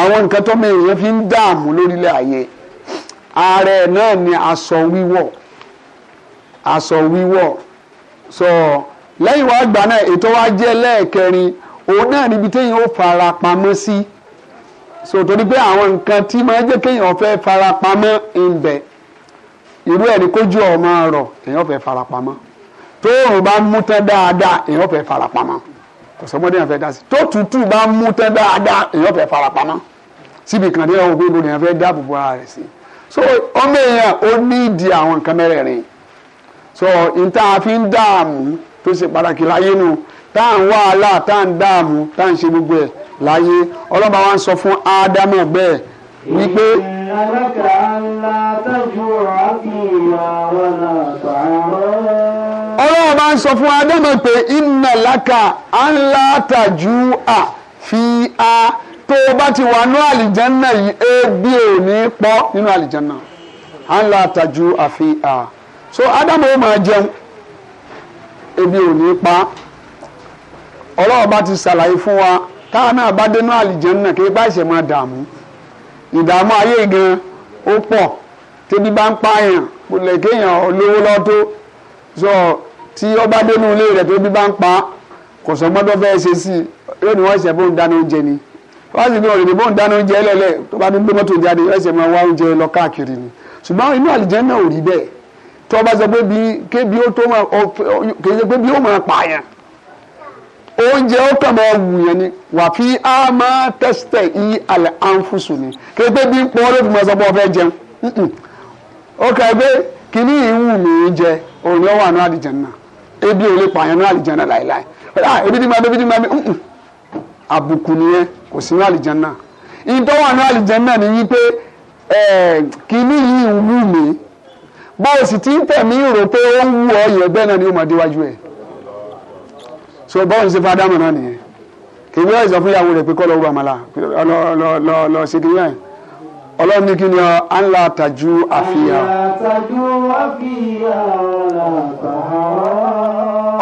àwọn nǹkan tó mẹ́rin yẹn fi ń dààmú lórílẹ̀ ayé ààrẹ náà ni aṣọ wíwọ̀ aṣọ wíwọ̀ so lẹ́yìn wá gbà náà ètò wa jẹ́ lẹ́ẹ̀kẹrin òun náà níbi téèyàn ó fara pamọ́ sí so torí pé àwọn nǹkan tí máa jẹ́ kéèyàn fẹ́ fara pamọ́ ń bẹ irú ẹ̀ ní kójú ọmọ rọ̀ èèyàn fẹ́ fara pamọ́ tóòrùn bá mú tán dáadáa èèyàn fẹ́ fara pamọ́ kò sọmọdé yẹn fẹ́ dá sí tó tútù bá mú tán dáadáa èèyàn fẹ́ fara pamọ́ síbi kan ní ọ̀hún gbogbo èèyàn fẹ́ dáàbò bo ara rẹ̀ sí so ọmọ èèyàn ó ní ìdí àwọn nǹkan mẹ́rẹ̀ẹ̀rin so ìta fi ń dààmú tó ṣe pàtàkì láyé nu tá à ń wàhálà tá à ń dààmú tá à ń ṣe gbogbo ẹ̀ láyé ọlọ́ba wa ń sọ fún ádámù bẹ́ẹ̀ wípé. ọlọ́run bá ń sọ fún ádámù pé iná làkà ńlá tàjú à fi a tó o bá ti wà ní àlìjánná yìí ebi ò ní pọ̀ nínú àlìjánná ńlá tàjú àfi a so ádámù ó máa jẹun ebi ò ní pa á ọlọ́run bá ti ṣàlàyé fún wa táwọn náà bá dénú àlìjẹ́nà kí bá ìṣẹ̀ máa dààmú ìdààmú ayé gan ó pọ̀ tẹ́bí bá ń pààyàn kò lè kéèyàn olówó lọ́tọ́ sọ tí ó bá dénú ilé rẹ̀ tẹ́bí bá ń pa kò sọ gbọ́dọ̀ fẹ́ ṣe sí i yóò ní wọ́n ṣẹ̀ bóun dáná oúnjẹ ni wọ́n sì ní bóun dáná oúnjẹ lẹ́lẹ̀ tó bá ní gbé mọ́tò jáde yóò ṣẹ̀ máa wá oúnjẹ lọ káàkiri ni ṣùgbọ́n inú àlìjẹ́nà ò rí bẹ́ẹ̀ tó bá sọ pé bí kébi ó tó máa kì í ṣe pé bí ó máa pààyàn oúnjẹ ó kàn máa wù yẹn ni wà fi á máa tẹ́sítẹ̀ yí àlẹ́ àǹfùsù ni kéde bí pọ́n ló fi máa sọ pé ọ fẹ́ jẹun ó kà gbé kíní ìwù mí jẹ òun ló wà ní àlìjànnà ebi ò lè pààyàn ní àlìjànnà láìláì ah, ebi ti máa dé ebi ti máa dé àbùkù nìyẹn kò sí ní àlìjànnà ìtọ́wà ní àlìjànnà ni wípé kíní yìí wù mí bó o sì ti ń tẹ̀mí rò pé ó ń wù ọ yẹn bẹ́ẹ̀ náà ni ó máa déwájú ẹ̀ so bọ́ọ̀lù ṣe fún ádámù náà nìyẹn kì í bí ọ̀sán fún ìyàwó rẹ̀ pé kọ́ lọ wú àmàlà lọ ṣe kiri yẹn ọlọ́run ní kí ni ọ à ń la tàjú àfihàn.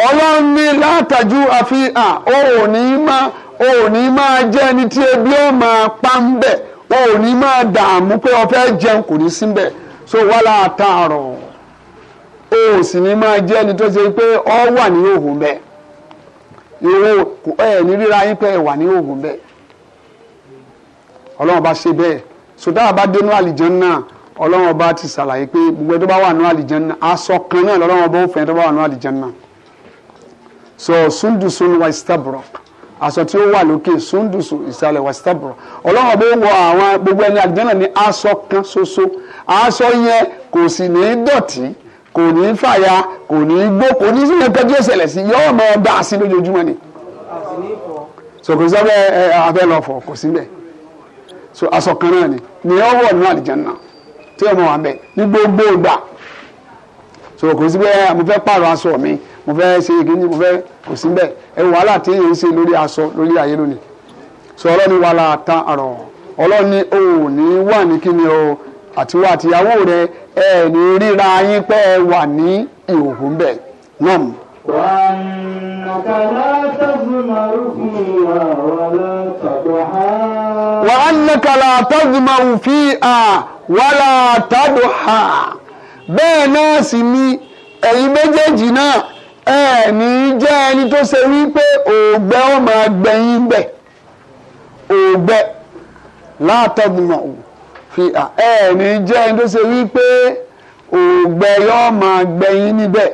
ọlọ́run ní látàjú àfihàn o ò ní máa o ò ní máa jẹ́ ẹni tí ebi ó máa pa ń bẹ̀ o ò ní máa dààmú pé o jẹun kò ní sí bẹ̀ so wà láàtàrọ̀ o ò sì ní máa jẹ́ ẹni tó ṣe pé ọ wà ní òhùn bẹ́ẹ̀ ìwọ ẹ ní ríra yín pé ẹ wà ní òògùn bẹ́ẹ̀ ọlọ́run bá ṣe bẹ́ẹ̀ sọdá bá dénú àlìjànnà ọlọ́run bá ti ṣàlàyé pé gbogbo ẹ tó bá wà ní àlìjànnà aṣọ kan náà lọ́lọ́run bá ó fẹ́ tó wà ní àlìjànnà so sundusun wa istabrok aṣọ tí ó wà lókè sundusun ìsàlẹ̀ wa istabrok ọlọ́run bó wọ àwọn gbogbo ẹni àlìjànnà ní aṣọ kan ṣoṣo aṣọ yẹn kò sì ní dọ̀tí. kò ní fàya kò ní gbó kò ní sínú ẹgbẹ́ tí ó ṣẹlẹ̀ sí yọ́ọ́ mọ ọba àṣì lójoojúmọ́ ni sòkò sábẹ́ lọ fọ, kò so asọ kan náà ni ni ó nínú tí ó mọ wà ní gbogbo ìgbà so mo fẹ aṣọ mi mo fẹ ṣe mo kò ẹ wàhálà tí èyí ń ṣe lórí aṣọ lórí ayé lónìí ọlọ́ni àrọ̀ ọlọ́ni ò ní wà ní kíni o àtiwọ́ àtìyàwó ẹ ní ríra yín pé ẹ wà ní ìhòòhò ń bẹ̀ náà. wà á nàkàlà tàzùmà òfin à wàlà tàdó hà bẹ́ẹ̀ náà sì ni ẹ̀yin méjèèjì náà ẹ jẹ́ ẹni tó ṣe wípé òògbẹ́ ó máa gbẹ̀yìn bẹ̀ òògbẹ́ látọ̀gbọ̀n òògbẹ́ fiha ẹ ní jẹ́ ẹni tó ṣe wípé ògbẹ yóò máa gbẹ̀yìn níbẹ̀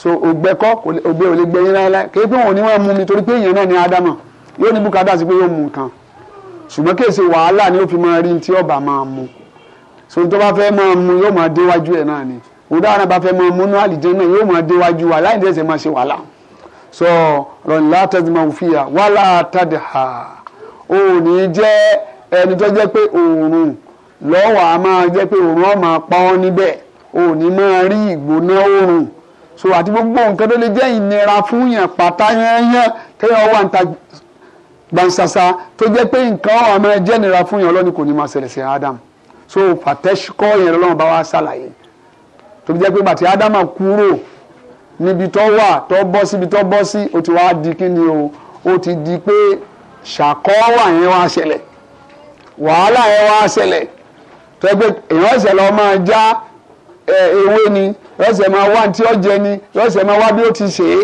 so ògbẹ kọ́ ògbẹ ò lè gbẹ̀yìn láéláé kéé pé òun ni wọ́n mú mi torí pé èèyàn náà ní ádámà yóò ní bùkátà sí pé yóò mú nǹkan ṣùgbọ́n kèsì wàhálà ni ó fi máa rí tí ọba máa mú so tó bá fẹ́ máa mú yóò máa déwájú ẹ̀ náà ni òdá àwọn abafẹ́ máa mú ní àlìjẹ́ náà yóò máa déwájú wa láì dẹ́sẹ̀ máa ṣe wàhálà so rọ̀nlá tẹ́tìmọ̀ òfìyà wàhálà tàdé ha òun ní jẹ́ ẹni tó jẹ́ pé òórùn lọ́wọ́ a máa jẹ́ pé òórùn ọ̀ máa pa ọ́ níbẹ̀ ò ní máa rí ìgbóná òórùn so àti gbogbo nǹkan tó lè jẹ́ ìnira fún yàn pátá yányán kéèyàn wà ń ta gbansasa tó jẹ́ pé nǹkan ọ̀ máa jẹ́ ìnira fún yàn ọlọ́ni kò ní máa ṣẹlẹ̀ sí Adam so pàtẹ́síkọ́ yẹn lọ́wọ́ bá wa ṣàlàyé tó jẹ́ pé bàtí Adam kúrò níbi tó wà tó bọ́ síbi tó bọ́ sí o ti wá di kí ni o o ti di pé ṣàkọ́ wà yẹn wá ṣẹlẹ̀ wàhálà yẹn wá ṣẹlẹ̀ pẹ́pẹ́ èèyàn ọ̀sẹ̀ lọ máa já ewé ni yọ̀ọ̀sẹ̀ máa wá tí ó jẹ ni yọ̀ọ̀sẹ̀ máa wá bí ó ti ṣe é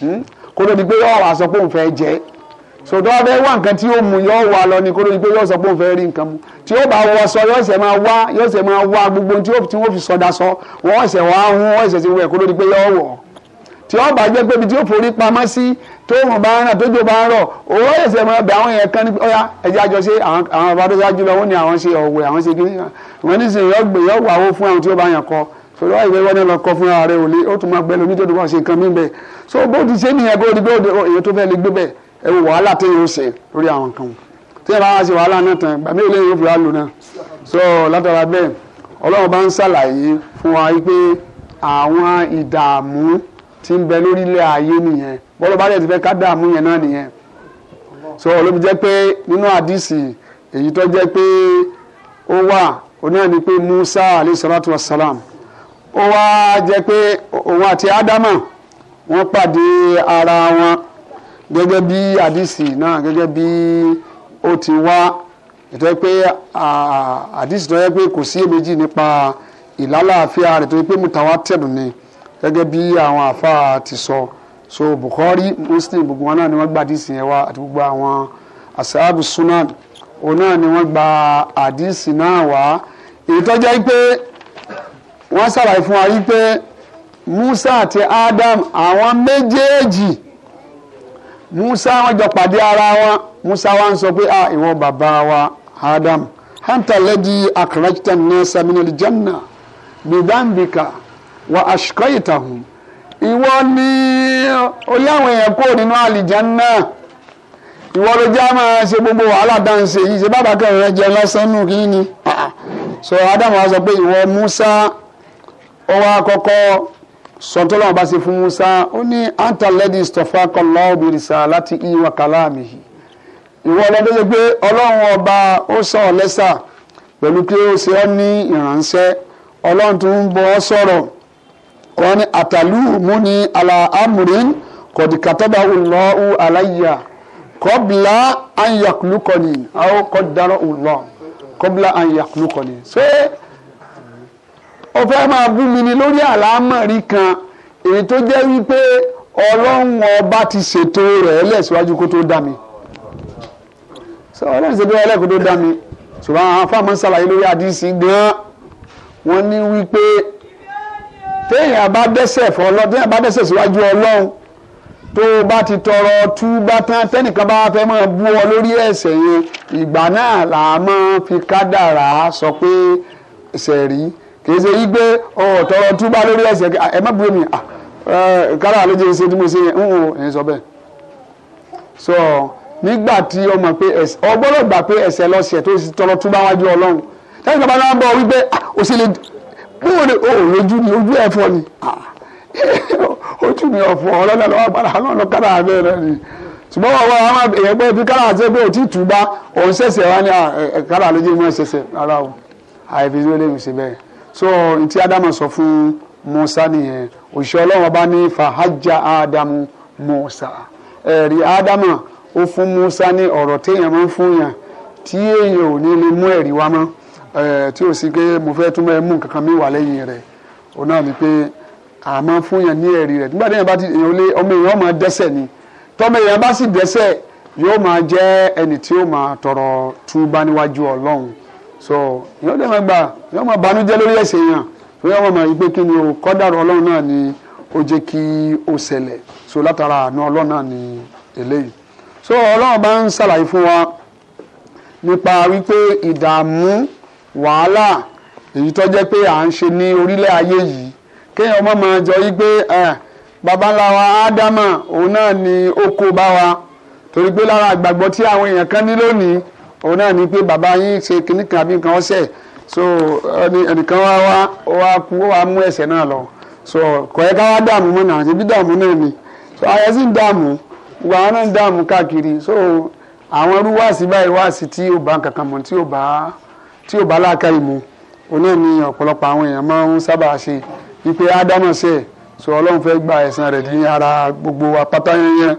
hmm? kó ló di pé yọ̀ọ̀ wá sọ pé òun fẹ́ jẹ sòtọ́ abẹ́ wá nǹkan tí ó mu yọ̀ọ̀ wá lọ ni kó ló di pé yọ̀ọ̀ sọ pé òun fẹ́ rí nǹkan mu tí ó bá wọ sọ yọ̀ọ̀sẹ̀ máa wá yọ̀ọ̀sẹ̀ máa wá gbogbo tí wọ́n fi sọdá sọ wọ́n ọ̀sẹ̀ wá hún ọ̀sẹ̀ ti wẹ̀ kó ló di pé yọ̀ọ̀ wọ̀ tí ó bá jẹ́ pé ibi tí ó forí pamọ́ sí tó rùn bá ń ràn tó jó bá ń rọ̀ òwò ẹ̀sẹ̀ mọ́ ọbẹ̀ àwọn yẹn kan ní ọ̀yà ẹ̀jẹ̀ àjọ ṣe àwọn ọba tó ṣáájú lọ wọ́n ní àwọn ṣe ọ̀wẹ̀ àwọn ṣe kíní ìwọ́n ní sìn yọ̀gbẹ̀ yọ̀wà owó fún àwọn tí ó bá yàn kọ sọ̀rọ̀ ìwé wọn lọ kọ fún ara rẹ̀ òlé ó tún máa gbẹ lómi tó ṣe nǹkan mí bẹ́ẹ̀ so bó ti ṣe nìyẹn bó di gbé bẹ́ẹ̀ àwọn ìdààmú ti ń bẹ lórílẹ̀ ayé nìyẹn bọ́lá bá dẹ̀ ti fẹ́ ká dààmú yẹn náà nìyẹn so olóbi jẹ́ pé nínú àdìsí èyí tó jẹ́ pé ó wà oníyàn ni pé Musa alayhi salatu salam ó wá jẹ́ pé òun àti Ádámà wọ́n pàdé ara wọn gẹ́gẹ́ bí àdìsí náà gẹ́gẹ́ bí ó ti wá ètò ẹ pé àdìsí tó yẹ pé kò sí èméjì nípa ìlàlàáfíà rẹ̀ tó yẹ pé mùtàwá tẹ̀dùn ni gẹ́gẹ́ bí àwọn àfáà ti sọ so Bukhari Muslim gbogbo wọn náà ni wọ́n gba àdìsí yẹn wá àti gbogbo àwọn asahabu sunan òun náà ni wọ́n gba àdìsí náà wá èyí pé wọ́n ṣàlàyé fún wa wípé Musa àti Adam àwọn méjèèjì Musa wọn jọ pàdé ara wọn Musa wa ń sọ pé ah ìwọ bàbá wa Adam hanta lẹ́dí akọ̀rẹ́jìtà ní sàmìnà ìjànà bìbá ń Wa àṣùkọ́ ìwọ ni orí èèyàn kúrò nínú àlìjánná ìwọ ló já máa ṣe gbogbo wàhálà dáńṣe yìí ṣe bàbá kẹrin jẹ lásán nù kí ni so Adamu wa sọ pé ìwọ Musa ó wá kọ́kọ́ ọba ṣe fún Musa ó ní kọlọ láti ìwà kàlámì ìwọ pé ọba ó sọ ọ ọ ní tó ń bọ ọ wọn ni àtàlù mú ni àlà amúrin kọ̀dí kàtàbà ọlọ́hu aláyà kọ́bìlà ànyàkùlùkọ̀nì àwọn kọ́dàrọ̀ ọlọ́ kọ́bìlà ànyàkùlùkọ̀nì. ṣé o fẹ́ máa bú mi ni lórí àlámọ̀rí kan èyí tó jẹ́ wípé ọlọ́run ọba ti ṣètò rẹ̀ lẹ́síwájú kó tó dá mi ọlọ́run ṣètò rẹ̀ lẹ́kó tó dá mi ṣùgbọ́n àwọn afáàmọ́ ṣàlàyé lórí àdìsí gan-an wọ́n ní wípé téèyàn bá dẹ́sẹ̀ fún ọlọ́run téèyàn bá dẹ́sẹ̀ síwájú ọlọ́run tó o bá ti tọrọ túbá tán tẹ́nìkan bá fẹ́ máa bú ọ lórí ẹ̀ṣẹ̀ yẹn ìgbà náà là á máa fi kádàrá sọ pé ẹ̀ṣẹ̀ rí kì í ṣe yí pé ọ tọrọ túbá lórí ẹ̀ṣẹ̀ ẹ má bú mi ah, eh, kára ló jẹ́ ṣe tí mo ṣe yẹn ń wò ẹ̀ sọ bẹ́ẹ̀ sọ nígbà tí o mọ̀ pé ẹ̀ṣẹ̀ ọ gbọ́dọ̀ gbà pé ẹ̀ṣẹ̀ lọ́sẹ̀ tó tọrọ túbá wájú ọlọ́run tẹ́nìkan bá náà bọ̀ wípé ó ah, sì lè bóun ni o lójú ojú ẹ ni ojú mi ah, ọ̀fọ̀ lọ́wọ́ padà kára abẹ́ rẹ ni ṣùgbọ́n wọ́n wọ́n àwọn èèyàn pé bí kára àti ẹgbẹ́ òtí tùbá òun ṣẹ̀ṣẹ̀ wá ní kára lójú ìmọ̀ ṣẹ̀ṣẹ̀ rárá o àìfi ló lè ṣe bẹ́ẹ̀ so ntí ádámù sọ fún Musa nìyẹn òṣìṣẹ́ ọlọ́run ọba ní fàájà Musa ẹ̀rí ádámù ó Musa ní ọ̀rọ̀ téèyàn máa ń fún yàn tí èèyàn ò ní lè mú tí o sí pé mo fẹ́ tún mọ́ ẹ mú mi wà lẹ́yìn rẹ̀ o náà ni pé àmọ́ fún yàn ní ẹ̀rí rẹ̀ nígbà téèyàn bá ti èèyàn lé ọmọ èèyàn máa dẹ́sẹ̀ ni tọ́mọ èèyàn bá sì dẹ́sẹ̀ yóò máa jẹ́ ẹni tí ó máa tọrọ túbá níwájú ọlọ́run so èèyàn máa gbà máa banújẹ́ lórí yàn máa yí pé kí o kọ́dàrú ọlọ́run náà ni o jẹ́ kí o ṣẹlẹ̀ so látara àánú náà ni eléyìí wàhálà èyí tó jẹ́ pé à ń ṣe ní orílẹ̀ ayé yìí kéèyàn ọmọ máa jọ yí pé babaláwa ádámà òun náà ni ó kó bá wa torí pé lára àgbàgbọ́ tí àwọn èèyàn kan ní lónìí òun náà ni pé bàbá yín ṣe kinní kan àbí nǹkan ọ̀sẹ̀ so ẹnìkan wa wá ó wá kú ó mú ẹ̀ṣẹ̀ náà lọ so kò yẹ ká wá dààmú mọ́ náà ṣe bí dààmú náà ni so ayé sì ń dààmú gbogbo àwọn náà ń dààmú káàkiri so àwọn irú wáàsí báyìí wáàsí tí ò bá kankan mọ̀ tí ò bá tí ò bá láàkàrí mu oní ẹni ọ̀pọ̀lọpọ̀ àwọn èèyàn máa ń sábà ṣe wípé ádámọ̀ sí ẹ̀ so ọlọ́run fẹ́ gba ẹ̀san rẹ̀ ní ara gbogbo apáta yẹn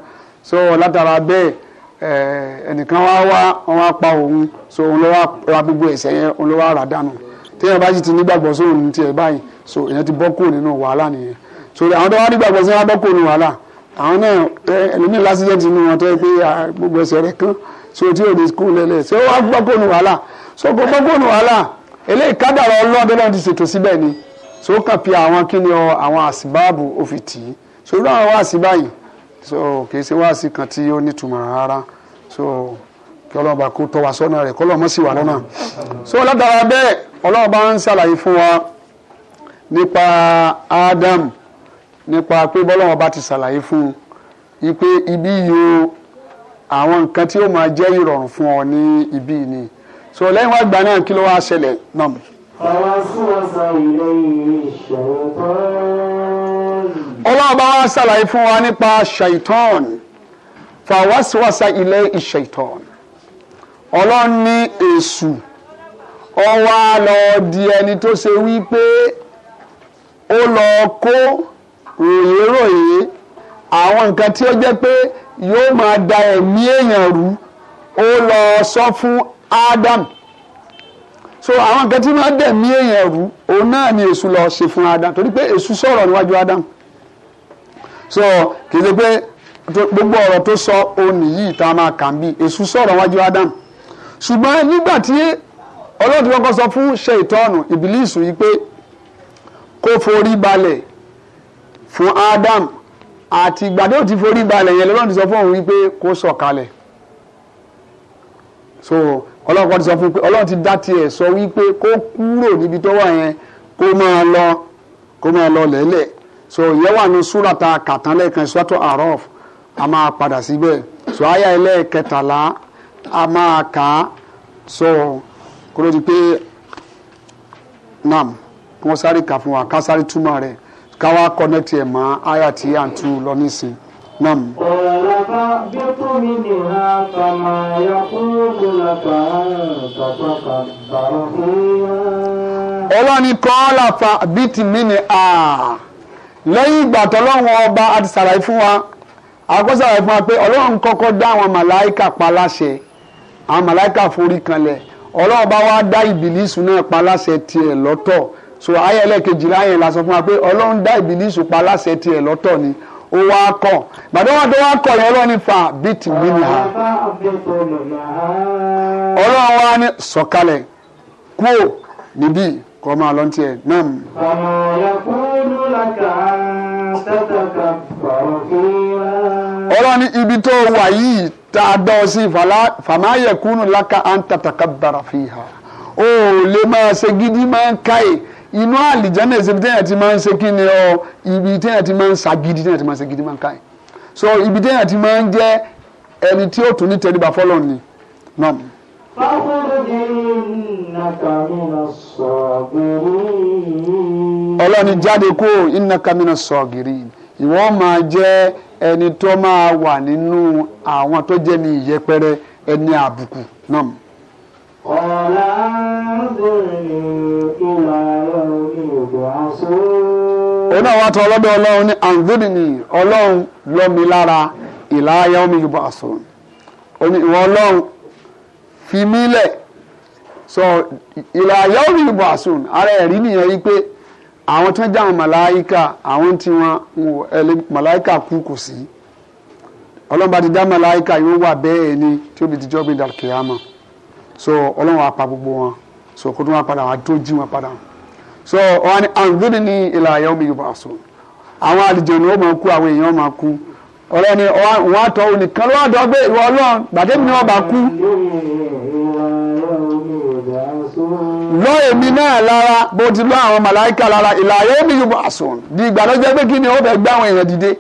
so látara bẹ́ẹ̀ eh, ẹnìkan wá wá wọn wá pa òun so òun ló wá ra gbogbo ẹ̀ṣẹ̀ yẹn òun ló wá rà dànù téèyàn bá sì ti nígbàgbọ́ sóhun ní tiẹ̀ báyìí so èèyàn ti bọ́ kúrò nínú wàhálà nìyẹn so àwọn tó wá nígbàgbọ́ sí wọn bọ́ kúrò nínú wàhálà àwọn náà ẹlòmíì lásìjẹ́ ti nínú wọn tó yẹ pé ah, gbogbo ẹ̀ṣẹ̀ rẹ̀ kán so tí ò ní so gbogbo gbòòrùn wàhálà eléyìí kádàrá ọlọ́ọ̀bẹ náà ti ṣètò síbẹ̀ ni so ó kàn fi àwọn kíni ọ àwọn àsìbáàbù ó fi tì í so irú àwọn wáàsí báyìí so kì í ṣe wáàsí kan tí ó nítumọ̀ rárá so kí ọlọ́run bá kó tọ́ wa sọ́nà rẹ̀ kọ́ lọ́mọ́ sì wà lọ́nà so látara bẹ́ẹ̀ ọlọ́run bá ń ṣàlàyé fún wa nípa Adam nípa pé bọ́lọ́run bá ti ṣàlàyé fún un ipe ibi yìí o àwọn nǹkan tí ó máa jẹ́ ìrọ̀rùn fún ọ ní ibi yìí ni so lẹ́yìn wá gbà náà kí ló wá ṣẹlẹ̀ náà. fàwọ́sowọ́sọ ilé ṣàìtọ́n. ọlọ́run bá wá ṣàlàyé fún wa nípa ṣàìtọ́n fàwọ́sowọ́sọ ilé ṣàìtọ́n ọlọ́run ní èṣù ó wá lọ di ẹni tó ṣe wí pé ó lọ kó ròyéròyé àwọn nǹkan tí ó jẹ́ pé yóò máa da ẹ̀mí èèyàn rú ó lọ sọ fún Adam, so àwọn nǹkan tí wọ́n dẹ̀mí èèyàn ẹ̀rú òun náà ni èṣù lọ ṣe fún Ádámù torí pé èṣù sọ̀rọ̀ níwájú Ádámù so kì í ṣe pé gbogbo ọ̀rọ̀ tó sọ òun nìyí tá a máa kà ń bí èṣù sọ̀rọ̀ níwájú Ádámù ṣùgbọ́n nígbà tí ọlọ́run ti kọ́kọ́ sọ fún ṣèitọ́nù ìbílísù yìí pé kó forí balẹ̀ fún Ádámù àti ìgbà tó ti forí balẹ̀ yẹn lọ́lọ́run ti sọ fún òun wípé kó sọ̀kalẹ̀ so ọlọ́run kan ti sọ fún pé ọlọ́run ti dá tiẹ̀ sọ wípé kó kúrò níbi tó wà yẹn kó máa lọ kó máa lọ lẹ́lẹ̀ so ìyẹn wà ní súràtà kàtán lẹ́ẹ̀kan sọ́tò àrọ́f a máa padà síbẹ̀ so àyà ẹlẹ́ẹ̀kẹtàlá a máa kà á so kúrò di pé nam kí wọ́n sáré kà fún wa ká sáré túmọ̀ rẹ̀ ká wá kọ́nẹ́tì ẹ̀ mọ́ àyà tí à ń tú lọ nísìnyí. نعم قال فاهبط منها فما يقول لك أن تتكبر فيها ọlọ́ni kọ́ọ́lá fa bíìtì mí ni a lẹ́yìn ìgbà tọ́lọ́run ọba àti sàlàyé fún wa àkọsàlàyé fún wa pé ọlọ́run kọ́kọ́ dá àwọn màláìkà pa láṣẹ àwọn màláìkà forí kanlẹ̀ ọlọ́run bá wá dá ìbílísù náà pa láṣẹ tiẹ̀ lọ́tọ̀ so ayẹlẹ́ kejìlá yẹn la sọ fún wa pé ọlọ́run dá ìbílísù pa láṣẹ tiẹ̀ lọ́tọ̀ ni ó wá kọ̀ gbàdúrà tó wá kọ̀ yẹn ọlọ́run ní fa bit mímì ha ọlọ́run wá ní sọ̀kalẹ̀ kúò níbí kọ́ máa lọ́n tiẹ̀ náà. ọmọ yakúlù làkà tẹ́tẹ̀kà bàrọ̀ fúnra. ọlọ́run ní ibi tó wà yìí tá a dọ́ sí fàmà yakúlù làkà à ń tàtàkà bàrọ̀ fìhà ó lè máa ṣe gidi máa ń káyè inú àlìjánà ìṣe ibi téèyàn ti máa ń ṣe kí ni ọ ibi téèyàn ti máa ń ṣagidi téèyàn ti máa ṣe gidi máa ń káyìn so ibi téèyàn ti máa ń jẹ ẹni tí ó tún ní tẹríba fọlọ ni náà. ọlọ́ni jáde kó iná kamínà sọ̀gìrì ìwọ máa jẹ́ ẹni tó máa wà nínú àwọn tó jẹ́ ní ìyẹpẹrẹ ẹni àbùkù náà. قال أنظرني إلى يوم يبعثون òun náà wá tọ ọlọ́dọ̀ ọlọ́run ní anzurni ọlọ́run lọ́ mi lára ìlà yaomi yub'asun òní ìwọ ọlọ́run fi mí lẹ̀ sọ ìlà yaomi yub'asun ara ẹ̀rí nìyẹn yí pé àwọn tó ń jẹ́ àwọn màláìka àwọn tí wọ́n màláìka kú kò sí ọlọ́run ti dá màláìka yóò wà bẹ́ẹ̀ ni tí ó fi ti jọ́ gbé dàkíyàmọ́ so ọlọ́run wa pa gbogbo wọn so kó tó wọn padà wá tó wọn padà so wọn ni àǹdúni ní ìlà ayé omi yorùbá so àwọn àlejò ni ó máa kú àwọn èèyàn máa kú ọlọ́run ni wọn àtọ̀ òní kan ló wà dọ́ pé ìwọ ọlọ́run gbàdébí ni wọn bá kú lọ èmi náà lára bó ti lọ àwọn màláìka lára ìlà ayé omi yorùbá so di ìgbàlódé pé kí ni ó bẹ gbé àwọn èèyàn dìde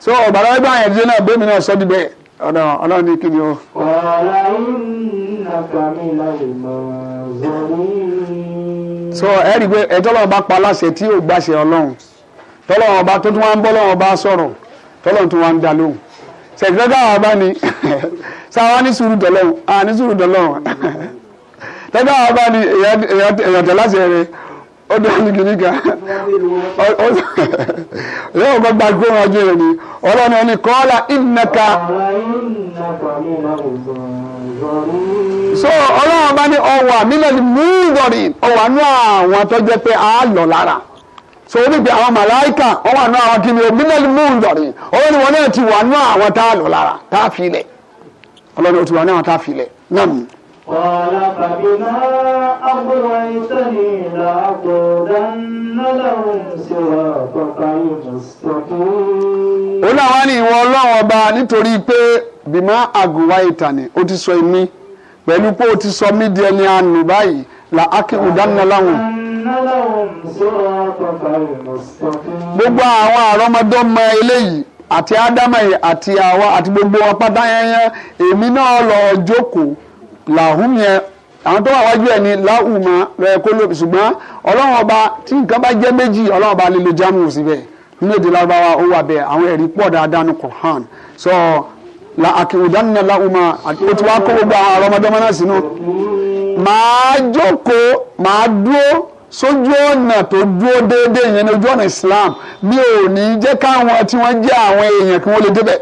so ìgbàlódé gbé àwọn èèyàn dìde náà bẹ́ẹ̀ mi náà sọ́ di bẹ́ẹ̀ ọ̀nà ọlọ́run ní kí o. ọ̀rọ̀ ìnàkà mi láì mọ̀ ọ̀rọ̀ so ẹ rí i pé ẹjọ́ lọ́wọ́ bá pa aláṣẹ tí yóò gbàṣẹ ọlọ́run tọ́lọ́wọ́ bá tó tún wá ń bọ́ lọ́wọ́ bá sọ̀rọ̀ tọ́lọ́run tún wá ń dá lóhùn sẹ̀kítẹ́tà wa bá ní sáwa ní sùúrù dọ̀lọ́run à ní sùúrù dọ̀lọ́run tẹ́tà wa bá ní èèyàn tẹ̀ rẹ̀ ọdún ẹni kìíní kan yóò kọ́ gba gbé wọn jẹ́ ni ọlọ́run ẹni kọ́ọ́lá ìnaka. so ọlọ́run bá ní ọwọ́ àmìlẹ́lì múwọ̀rì ọwọ́ àánú àwọn tó jẹ́ pé a lọ lára so ó ní pé àwọn màláìkà ọwọ́ àánú àwọn kìíní òmìnẹ́lì múwọ̀rì ọwọ́ ni wọn náà ti wà nú àwọn tá a lọ lára tá a fi lẹ̀ ọlọ́run ó ti wà nú àwọn tá a fi lẹ̀ náà nù. قال فبما أغويتني لأقودن لهم صراطك المستقيم ó láwọn ní ìwọ ọlọ́run ọba nítorí pé bímọ àgùwá ìtàní ó ti sọ èmi pẹ̀lú pé ó ti sọ mí di ẹni àánú báyìí là ákéwù dáná láwọn. gbogbo àwọn àrọ́mọdọ́mọ eléyìí àti ádámọ̀ àti àwa àti gbogbo wọn pátá èmi náà lọ jókòó làhùn yẹn àwọn tó wà wájú ẹ ni láhùmá lọ́yẹ kó lóbi ṣùgbọ́n ọlọ́run ọba tí nǹkan bá jẹ́ méjì ọlọ́run ọba lè lo jámù síbẹ̀ nínú èdè lárúbáwá ó wà bẹ́ẹ̀ àwọn ẹ̀rí pọ̀ dáadáa ní Qur'an so la àkìrìdánilẹ̀ láhùmá ó ti wá kó gbogbo àwọn àrọ́mọdọ́mọ náà sínú. màá jókòó màá dúró sójú ọ̀nà tó dúró déédéé yẹn ní ojú ọ̀nà Islam mi ò ní jẹ́ káwọn tí wọ́n jẹ́ àwọn èèyàn kí wọ́n lè débẹ̀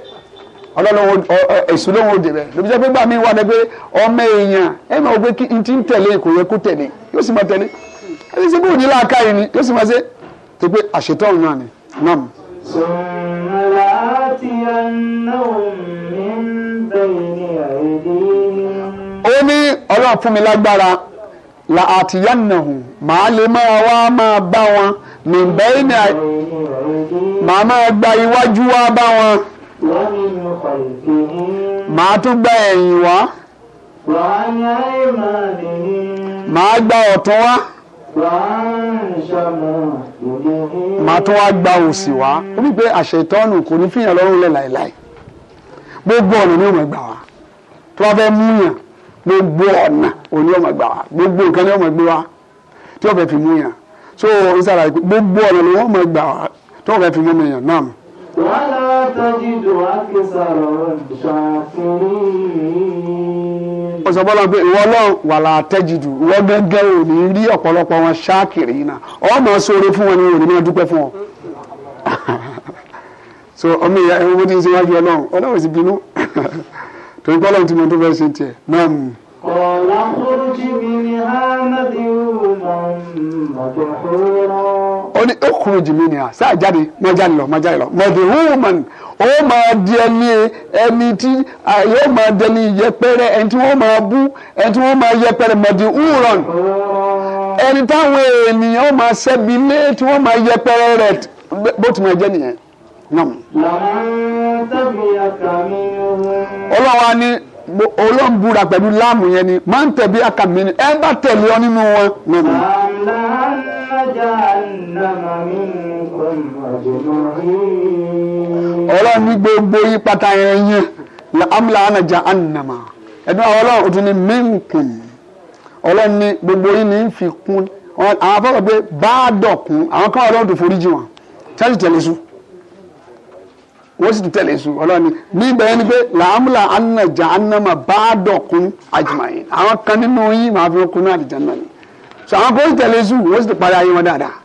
ọlọ́lọ́wọ́ èṣù lóhùn òde rẹ̀ lóbi jẹ́ pé gbà mí wà ní pé ọmọ èèyàn ẹ máa gbé n ti ń tẹ̀lé kò yẹ kó tẹ̀lé yóò sì máa tẹ̀lé ẹni sẹ́gbẹ́ òní láàká yìí ni yóò sì máa ṣe tó pé àṣetọ́ ọ̀run ni nam. sọ̀rọ̀ àti anáhùn mi ń bẹ̀rẹ̀ ní àìdí. ó ní ọlọ́run fún mi lágbára la àti yánnahùn màá lè máa wá máa bá wọn nìbẹ́ẹ̀ ní àìdí màá máa gba iwájú wá bá wọn màá tún gbá ẹ̀yìn wá màá gbá ọ̀tún wá màá tún wá gbá òsì wá ó ní pé àṣẹ ìtọ́nù kò ní fìyàn lọ́rùn lẹ̀ láìláì gbogbo ọ̀nà ni ó máa gbà wá tó bá fẹ́ mú gbogbo ọ̀nà òní ó máa gbà wá gbogbo nǹkan ni ó máa gbé wá tí ó fẹ́ fi mú so ó ń sára gbogbo ọ̀nà ni wọ́n máa gbà wá tó fẹ́ fi mú náà. ولا تجد أكثرهم شاكرين. ọ̀sọ̀bọ́lá pé ìwọ náà wà láà tẹ́jìdù ìwọ gẹ́gẹ́ ò ní rí ọ̀pọ̀lọpọ̀ wọn ṣáàkiri yìí náà ọ máa sọ̀rọ̀ fún wọn ni wọn ò ní máa dúpẹ́ fún ọ. so ọmọ ìyá ẹ̀rọ bó ti ń ṣe wájú ọlọ́run ọlọ́run sì bínú torí pé ọlọ́run ti tó fẹ́ ṣe tiẹ̀ náà. قال اخرج منها مذءوما مدحورا ó ní okùnrin mi ni à sáà jáde mọ jáde lọ mọ jáde lọ mọdìhúmọ̀n ó máa di ẹni ẹni tí yóò ma di ẹni yẹpẹrẹ ẹni tí wọ́n máa bú ẹni tí wọ́n ma yẹpẹrẹ mọdìhúrọ̀n ẹni táwọn ènìyàn máa ṣẹ́bi lé tí wọ́n máa yẹpẹrẹ rẹ̀ bó ti máa jẹ́ nìyẹn. ọlọ́wà ni. Ọlọ́run búra pẹ̀lú láàmù yẹn ni máa ń tẹ̀bi àkàmì ni ẹ bá tẹ̀lé ọ nínú wọn. Ọlọ́run ní gbogbo yí pátá amúlá ànàjà ànàmà ẹ̀dùn Ọlọ́run òtún ní mínkùn Ọlọ́run ní gbogbo yí ní fi kún àwọn afọ́fọ́ pé bá dọ̀kún àwọn kan Ọlọ́run tó foríjì wọn ṣáàjì tẹ̀lé sùn wọ́n sì tún tẹ̀lé su ọlọ́ni níbẹ̀ ni pé làámùlà ànàjà ànàmà bá dọ̀kun àjùmáyé àwọn kan nínú yín máa fi kunú àdìjà náà ni so àwọn kan ó sì tẹ̀lé su wọ́n sì tún parí ayé wọn dáadáa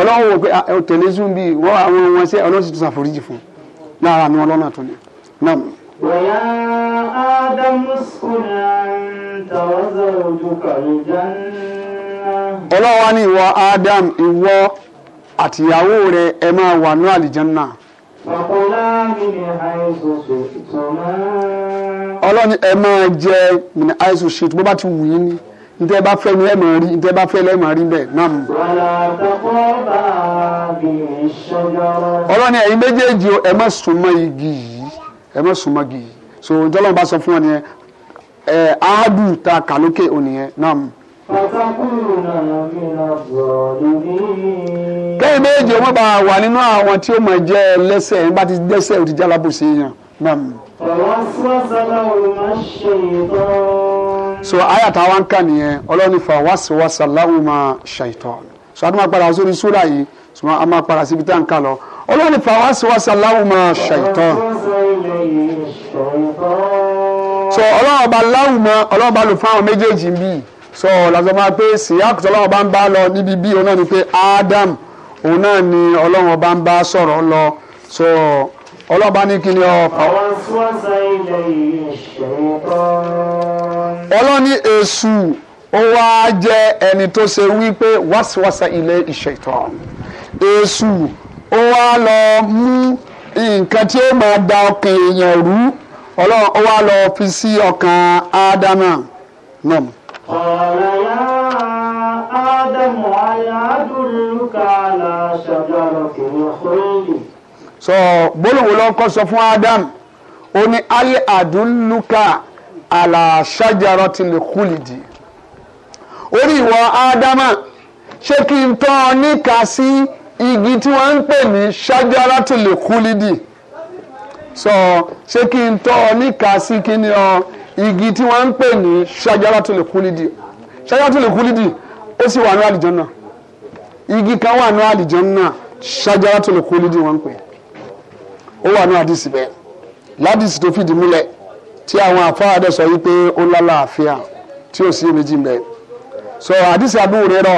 ọlọ́run wò pé ó tẹ̀lé su bíi wọ́n àwọn wọn ṣe ọlọ́run sì tún ṣàforíjì fún lára àwọn ọlọ́run àtúnyẹ náà. wọ́yá ádámù sùnà tàwọ́sọ̀ ojú kàlùjá náà. ọlọ́wọ́ ni ìwọ ádámù ìwọ ní àlìjánnà ọlọ́ni ẹ máa jẹ ní àìsàn ṣètò bá ti wù yín ni ntẹ bá ẹ máa rí bá lẹ máa rí náà mú. ọlọ́ni ẹ̀yin méjèèjì ẹ má igi ẹ má igi so sọ fún ọ nìyẹn ẹ̀ áádùn ta kàlókè ònìyẹn náà kẹ́yìn méjì ọmọ bá wà nínú àwọn tí ó mọ̀ jẹ́ lẹ́sẹ̀ bá ti dẹ́sẹ̀ ò ti jẹ́ alábòsí yàn náà. ọ̀wọ́n sọ́sọ́lá òun máa ṣe ìtàn. so àyà tá a wá ń kà nìyẹn ọlọ́ni fa wàsíwàsá láwùn máa ṣàìtàn so a tún máa padà sórí súrà yìí ṣùgbọ́n a máa padà síbi tá à ń kà lọ ọlọ́ni fa wàsíwàsá láwùn máa ṣàìtàn. so ọlọ́run ọba láwùn máa ọlọ́run ọba lò fún àwọn méjèèjì so làzọ́mọ́ pé síyáàkù tí ọlọ́run bá ń bá lọ níbi bí òun náà ni pé Adam òun náà ni ọlọ́run bá ń bá sọ̀rọ̀ lọ so ọlọ́run bá ní kí ni ọ. àwọn sọ́ọ̀sà ilẹ̀ yìí ṣòro kan. ọlọ́run ní èṣù ó wá jẹ́ ẹni tó ṣe wípé wàsíwàsá ilẹ̀ ìṣẹ̀tọ̀ èṣù ó wá lọ mú nǹkan tí ó máa da ọkàn èèyàn rú ọlọ́run ó wá lọ fi sí ọkàn Ádámà náà. قال يا آدم هل أدلك على شجرة الخلد so gbólóhùn ló ń kọ́ sọ fún Adam ó ní ali adúlùkà àlàṣájàrọ ti lè kúlìdì orí ìwọ Ádámà ṣé kí n tọ́ ọ níka sí igi tí wọ́n ń pè ní ṣájàrọ ti lè kúlìdì sọ ṣé kí n tọ́ ọ níka sí kí ni ọ igi tí wọ́n ń pè ní ṣájáratulè kúlídì ṣájáratulè kúlídì ó sì wà ní àlìjánà igi kan wà ní àlìjánà ṣájáratulè kúlídì wọ́n ń pè ó wà ní àdìsí bẹ́ẹ̀ ládìsí tó fìdí múlẹ̀ tí àwọn àfáàdẹ sọ wípé ó lálàáfíà tí ò sí méjì mbẹ sọ àdìsí abúrò rọ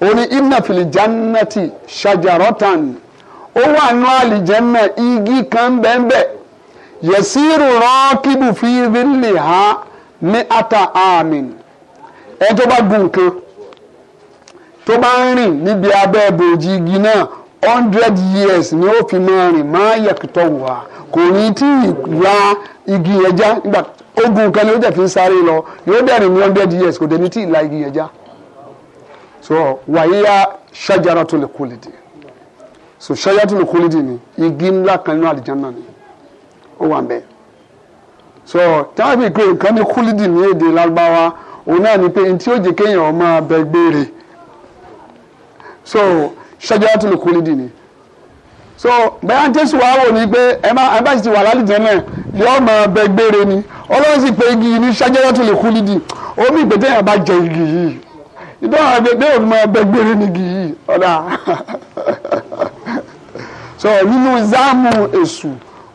ó ní ìnàfìlì jannati ṣájáratan ó wà ní àlìjánà igi kan bẹ́ẹ̀ bẹ́ẹ̀ yẹ̀sírù rọ́ọ̀kìbù fi rílì ha ní ata amin ẹ tó bá gun nǹkan tó bá ń rìn níbi abẹ́ bòjì igi náà hundred years ni ó fi máa rìn máa yẹ̀kìtọ̀ wá kò ní tí ì la igi yẹn já nígbà ogun nǹkan ni ó dẹ̀ fi ń sáré lọ yóò dẹ̀ ní hundred years kò dẹ̀ ní tí ì la igi yẹn já so wàyíyá ṣájára tó lè kólé so ṣájára tó lè kólé ni igi ńlá kan nínú àlìjáná ni ó wà ń bẹ so táàbì pé nǹkan ní kúlídì ní èdè lágbáwá òun náà ni pé n tí ó jẹ kéèyàn máa bẹ gbére so ṣájáratù ló kúlídì ni so bẹ́ẹ̀ jésù wa wò ni pé ẹ má ẹ bá sì ti wà lálùjẹ náà yóò máa bẹ gbére ni ọlọ́run sì pé igi ní ṣájáratù ló kúlídì omi ìgbésẹ̀ yẹn bá jẹ igi yìí ìdáhùn àgbẹ̀gbẹ̀ òun máa bẹ gbére ni igi yìí ọ̀dà so nínú záàmù èṣù.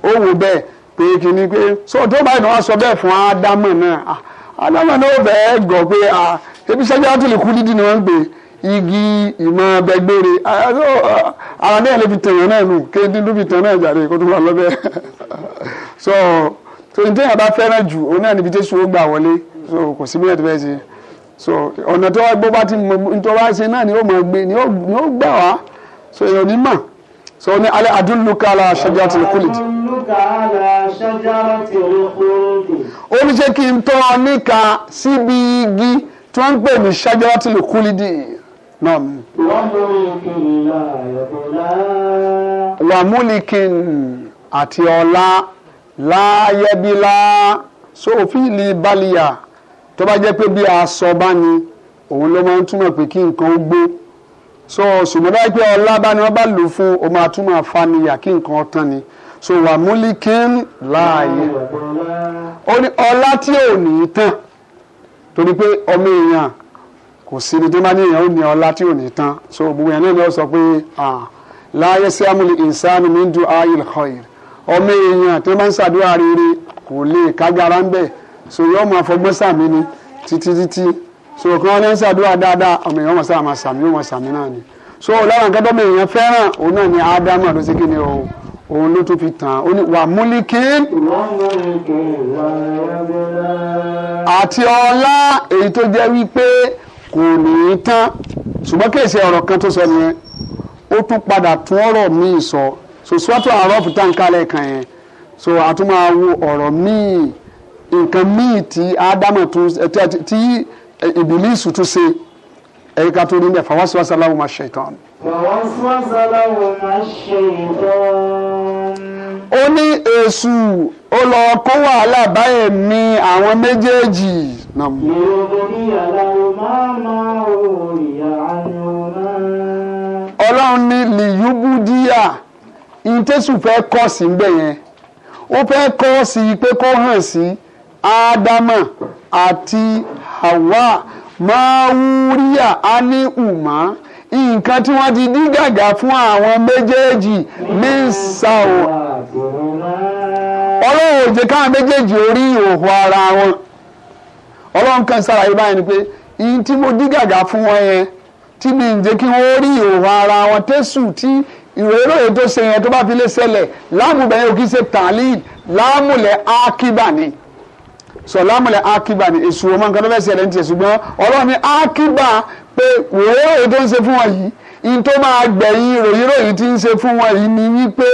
ó wò bẹ́ẹ̀ pé kí ni pé sọ́dọ̀ báyìí ni wọ́n sọ bẹ́ẹ̀ fún ádámù náà ah, ádámù náà ó bẹ́ẹ̀ gọ̀ pé ah, ebi sẹ́jọ́ kú dídì ni wọ́n ń igi ìmọ̀ bẹgbére ah, ara náà lè fi tẹ̀yàn náà nù kéde ló fi tẹ̀yàn náà jáde kó tó wà lọ́bẹ̀ so so ní tẹ́yàn bá fẹ́ràn jù òun náà níbi jésù ó gbà so kò sí mílíọ̀tì bẹ́ẹ̀ so ọ̀nà tó wá bá ti mọ̀ ní tó wá ṣe náà ni ó mọ̀ so ní alẹ́ adúlùkà àlà ṣajaratil khuld. ó ní ṣé kí n tọ́ ọ níka síbi igi tí wọ́n ń pè ní ṣajaratil khuld náà mi. wàmúlikin àti ọ̀la láyẹ́bílá sófin ní balìyà tó bá jẹ́ pé bí aṣọ bá ní òun ló máa ń túmọ̀ pé kí nǹkan ó gbé so ṣùgbọ́n báyìí pé ọlá bá ni wọ́n bá lò fún o máa tún máa nǹkan ọtán ni so wà múlíkín láàyè ó ní ọlá tí ò ní tán torí pé ọmọ èèyàn kò sí ibi tí wọ́n ní èèyàn ó ní ọlá tí ò ní tán so gbogbo èèyàn náà ló sọ pé láàyè sí amúlí ìsánu mi ń du ayil khair ọmọ èèyàn tí wọ́n bá ń ṣàdúrà rere kò lè kájára ń bẹ̀ so yóò máa fọgbọ́n sàmì ni títí títí so kí wọ́n lè ń ṣàdúrà dáadáa ọmọ èèyàn wọn sáà máa sàmì yóò wọn sàmì náà ni so lára nǹkan tó mèèyàn fẹ́ràn òun náà ni ádámù ló ṣe kí ni o òun ló tún fi tàn ó wà múlíkì. àti ọlá èyí tó jẹ́ wípé kò ní í tán ṣùgbọ́n kì ọ̀rọ̀ kan tó sọ nìyẹn ó tún padà tún ọ̀rọ̀ míì sọ so sọ́tò àrọ́ọ̀fù tá n kálẹ̀ kan yẹn so àtúmọ̀ àwo ọ̀rọ̀ míì nǹkan míì tí ádámù tún tí Ìbílísì tún ṣe ẹ̀yìn ká tó ní mẹ́fà wá síwáṣá láwọn máa ṣe ìtàn. wàá síwáṣá láwọn máa ṣe ìtàn. ó ní èṣù ó lọ kó wàhálà báyẹn mi àwọn méjèèjì. ọlọ́run ní lìyúbúdíà ìtẹ́sù fẹ́ kọ́ sí ń bẹ̀ yẹn ó fẹ́ kọ́ sí pé kó hàn sí ádámà àti Hawa máa wúríyà á ní ùmá nǹkan tí wọ́n ti dí gàgà fún àwọn méjèèjì ní sàó. ọlọ́run ò jẹ́ káwọn méjèèjì orí ìhòòhò ara wọn ọlọ́run kan sára yìí báyìí ni pé ìyí tí mo dí gàgà fún wọn yẹn tí mi ń jẹ́ kí wọ́n rí ìhòòhò ara wọn tẹ́sù tí ìròyìnròyè tó ṣe yẹn tó bá fi lè ṣẹlẹ̀ láàmú bẹ́ẹ̀ yóò kí ṣe ákíbà ni sọlámùlẹ̀ akíba ni èsù ọmọ nǹkan tó fẹ́ ṣẹlẹ̀ ní tiẹ̀ ṣùgbọ́n ọlọ́run ní akíba pé wòó ètò ń ṣe fún wọn yìí in tó máa gbẹ̀yìn ròyìn ròyìn tí ń ṣe fún wọn yìí ni wípé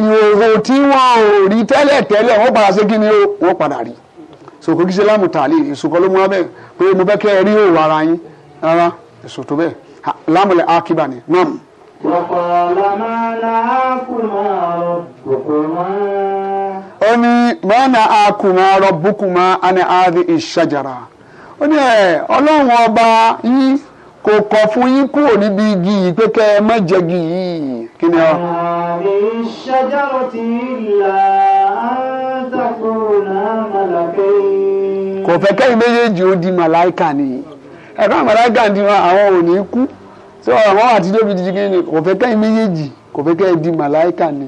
ìhòòhò tí wọn ò rí tẹ́lẹ̀ tẹ́lẹ̀ wọ́n padà ṣe kí ni wọ́n padà rí sòkò kí ṣe lámù tàlẹ́ èso kan ló mú wa bẹ́ẹ̀ pé mo fẹ́ kẹ́ ẹ rí òwò ara yín rárá èso tó bẹ́ẹ̀ lámùlẹ̀ akíba ni náà. wọ́pọ̀ ọ̀la máa ma na'akuma rabbukuma an hadhihi adị ó ní ẹ ọba yìí kò kọ̀ fún yín kúrò níbi igi yìí pé má jẹ igi yìí kí ni ọ. ààrin ṣájáró ti là kò fẹ́ kẹ́yìn méjèèjì ó màláìkà ni ẹ̀ka màláìkà ni àwọn ò ní kú àti kò fẹ́ kẹ́yìn kò fẹ́ kẹ́yìn màláìkà ni.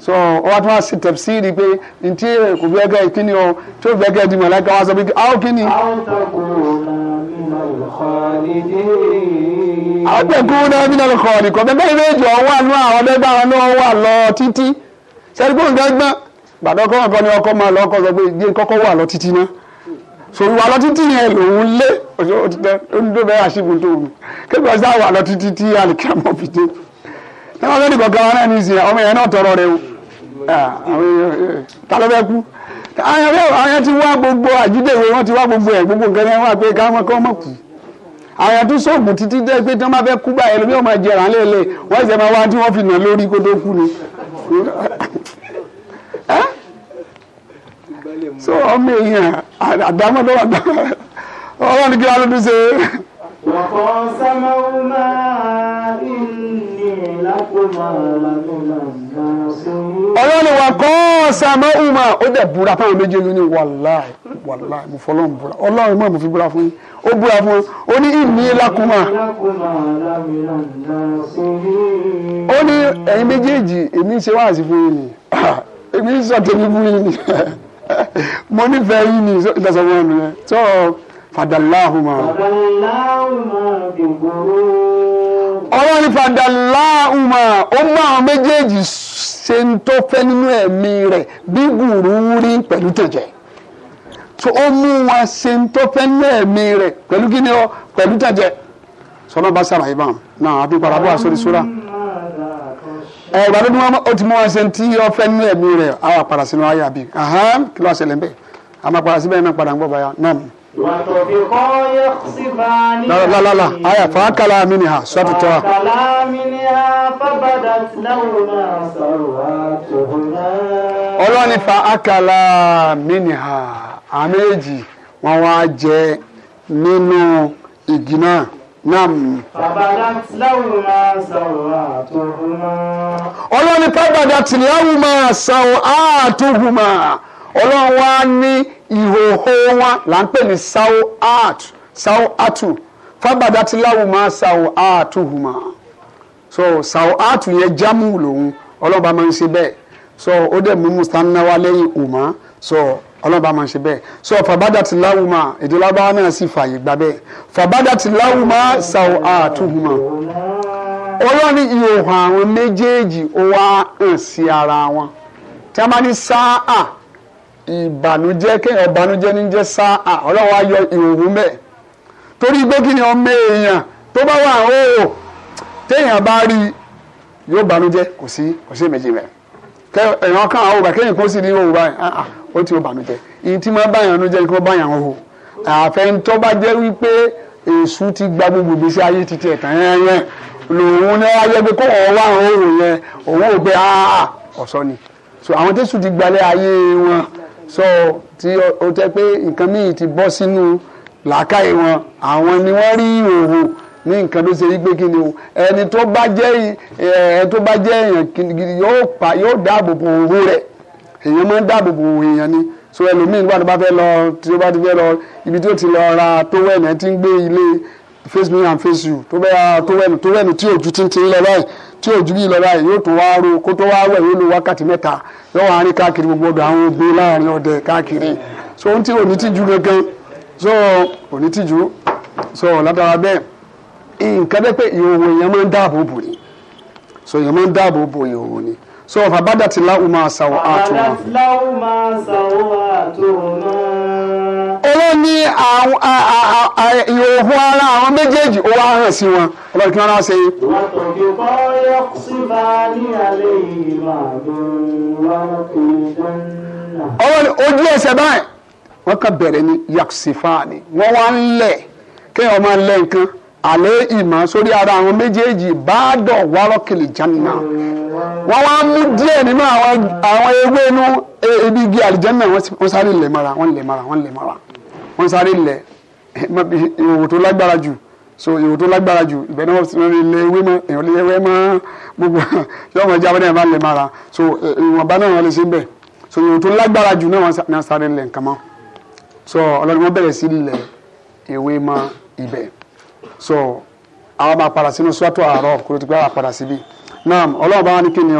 so ó wá tún wá sí tẹ̀síìrì pé ntí kò fi ẹgẹ́ ìkíni o tí ó fi ẹgẹ́ di mọ̀lẹ́kà wá sọ pé àwọn kíni. àwọn tẹ̀kùn náà mí náà kọ̀ ọ̀nì kọ̀ bẹ́ẹ̀ bẹ́ẹ̀ méjì ọ̀wọ́ àánú àwọn ọ̀dẹ́gbà wọn náà wà lọ títí sẹ́dúgbòrò gbẹ́gbẹ́ gbàdọ́kọ́ ọ̀kọ́ ni ọkọ máa lọ ọkọ sọ pé ìdí kọ́kọ́ wà lọ títí náà sori wa lọ títí yẹn lòun lé ọjọ́ òtítẹ ó ń dó bẹ́ẹ̀ àṣìbùn tó wù kébì ọjọ́ àwọn àlọ́ títí tí àlìkàmọ́ fi tẹ́wọ́n lórí kọ̀ọ̀kan wa náà ní ìsìn ọmọ yẹn náà tọrọ rẹ o ta ló fẹ́ kú àwọn ti wá gbogbo àjídèwé wọn ti wá gbogbo ẹ̀ gbogbo nǹkan wá pé kọ́ àwọn tó títí pé tí wọ́n bá fẹ́ kú báyìí máa wọ́n máa wá tí wọ́n fi nà lórí kó tó kú ni so ọmọ èèyàn àdámọ́ wà ọlọ́run kí wọ́n ló dún wọ́n máa ọlọ́run wa gan-an sàmọ́ ìmọ̀ ó dẹ̀ búra fáwọn méjì ló ní wàláì wàláì mo fọlọ́run búra ọlọ́run mọ̀ mo fi búra fún yín ó búra fún yín ó ní ìní lákùnmá ó ní ẹ̀yin méjèèjì èmi ń ṣe wáàsí fún yín ni èmi ń sọ tèmi fún yín ni mo nífẹ̀ẹ́ yín ni ìdásọ́gbọ́n mi rẹ̀ tó fàdàláhùnmá. fàdàláhùnmá dìbò. ọlọ́run ní padà láàmà ó mú àwọn méjèèjì ṣe ń tó fẹ́ nínú ẹ̀mí rẹ̀ bí gùrú rí pẹ̀lú tẹ̀jẹ̀ tó ó mú wọn ṣe ń tó fẹ́ nínú ẹ̀mí rẹ̀ pẹ̀lú kí ọ pẹ̀lú tẹ̀jẹ̀ sọlá bá sàrà náà ẹ̀ ti mú wọn ṣe ń tí ọ fẹ́ nínú ẹ̀mí rẹ̀ àwọn àpàrà sínú ayé وطفقا لا لا لا لا آية فأكلا منها سورة التوبة منها فبدت سواتهما fa akala miniha àméjì wọn wá jẹ nínú igi na nam. fabadat lahuma sawatuhuma. ọlọ́ni ní. ìhòòhò wa là ń pè ní sawo art sawo atu fagbada ti láwùmá atu huma, so sawo atu yẹn jamu lòun ọlọ́ba máa ń ṣe bẹ́ẹ̀ so ó dẹ̀ mú mustanawa lẹ́yìn huma, so ọlọ́ba máa ń ṣe bẹ́ẹ̀ so fàbádà ti láwùmá èdè lábáwá náà sì fààyè gbà bẹ́ẹ̀ fàbádà ti láwùmá sawo atu huma, olórí ìhòòhò àwọn méjèèjì ó wá hàn sí ara wọn tí a bá ní sáà ìbànújẹ́ kéèyàn ìbànújẹ́ ní jẹ́ sá à ọlọ́wọ́ á yọ ìhòòhò mẹ́ torí pé kí ni ọmọ èèyàn tó bá wà ó téèyàn bá rí yóò ìbànújẹ́ kò sí kò sí èméjì rẹ̀ kẹ ẹ̀yàn kan àwọn òbá kéèyàn kó sì ní òwò báyìí ó ti ìbànújẹ́ ìyìn tí máa báyàn ìbànújẹ́ ni kí wọ́n báyàn òwò àfẹ́ntọ́ bá jẹ́ wípé èṣù ti gba gbogbo ìgbésí ayé ti tiẹ̀ tán yẹn yẹn lòun ní ayé pé kó wọ́n wá àwọn òwò yẹn òun ò pé ọ̀sọ́ ni so àwọn tẹ́sù ti gbalẹ̀ ayé wọn so tí ó jẹ́ pé nǹkan míì ti bọ́ sínú làákàyè wọn àwọn ni wọ́n rí ìhòòhò ní nǹkan tó ṣe yí pé kí ni o ẹni tó bá jẹ́ ẹni tó bá jẹ́ èèyàn gidigidi yóò pa yóò dáàbò bo òwò rẹ̀ èèyàn máa ń dáàbò bo òwò èèyàn ni so ẹlòmíì nígbà tó bá fẹ́ lọ tí ó bá ti fẹ́ lọ ibi tí ó ti lọ ra tówẹ́ẹ̀nù ẹ ti ń gbé ilé face me and face you tó bẹ́ẹ̀ ra tówẹ́ẹ̀nù tówẹ́ẹ̀nù tí òjú ti ń ti lọ báyìí tí òjú bí lọ báyìí yóò tó wá ro kó tó wá wẹ̀ yóò lo wákàtí mẹ́ta yóò wá káàkiri gbogbo ọ̀dọ̀ àwọn ogbe láàrin ọdẹ káàkiri so ohun tí òní tìjú kankan so òní tìjú so látara bẹ́ẹ̀ nǹkan bẹ́ẹ̀ pé ìhòòhò èèyàn máa ń dáàbò bò ní so èèyàn máa ń dáàbò bò ìhòòhò ní so fàbádà ti láwùmá sàwọ́ àtòwọ́. fàbádà olóò ní ìhòòhò ara àwọn méjèèjì ó wá hàn sí wọn ọlọ́run kí wọ́n náà ṣe. látọ̀dé bá yọ sí máa ní alẹ́ yìí máa dùn wọn kò dán náà. ọlọ́run ojú ẹsẹ̀ báyìí wọ́n kàn bẹ̀rẹ̀ ní yaksifani wọ́n wá ń lẹ̀ kéèyàn máa lẹ̀ nǹkan àlẹ́ ìmọ̀ sórí ara àwọn méjèèjì bá dọ̀ wárọ́kìlì jánà wọ́n wá mú díẹ̀ nínú àwọn ewé inú e, ibi igi àlìjánà wọ́n sáré lè mara wọ́n lè mara wọ́n lè mara wọ́n sáré lẹ̀ eh, ìhòòhò tó lágbára jù so ìhòòhò tó lágbára jù ìbẹ̀ náà wọ́n ti lé ewé mọ́ èèyàn lé ewé mọ́ gbogbo yọ ọmọ ìjà abẹ́rẹ́ máa lè mára so eh, ìwọ̀nba náà wọ́n lè ṣe bẹ́ẹ̀ so ìhòòhò tó lágbára jù náà wọ́n sáré lẹ̀ nǹkan mọ́ so ọlọ́run wọn bẹ̀rẹ̀ sí lẹ̀ ewé mọ́ ibẹ̀ so àwọn máa padà sínú sọ́tò àárọ̀ kó tó ti gbára padà síbí náà ọlọ́run bá wà ní kíni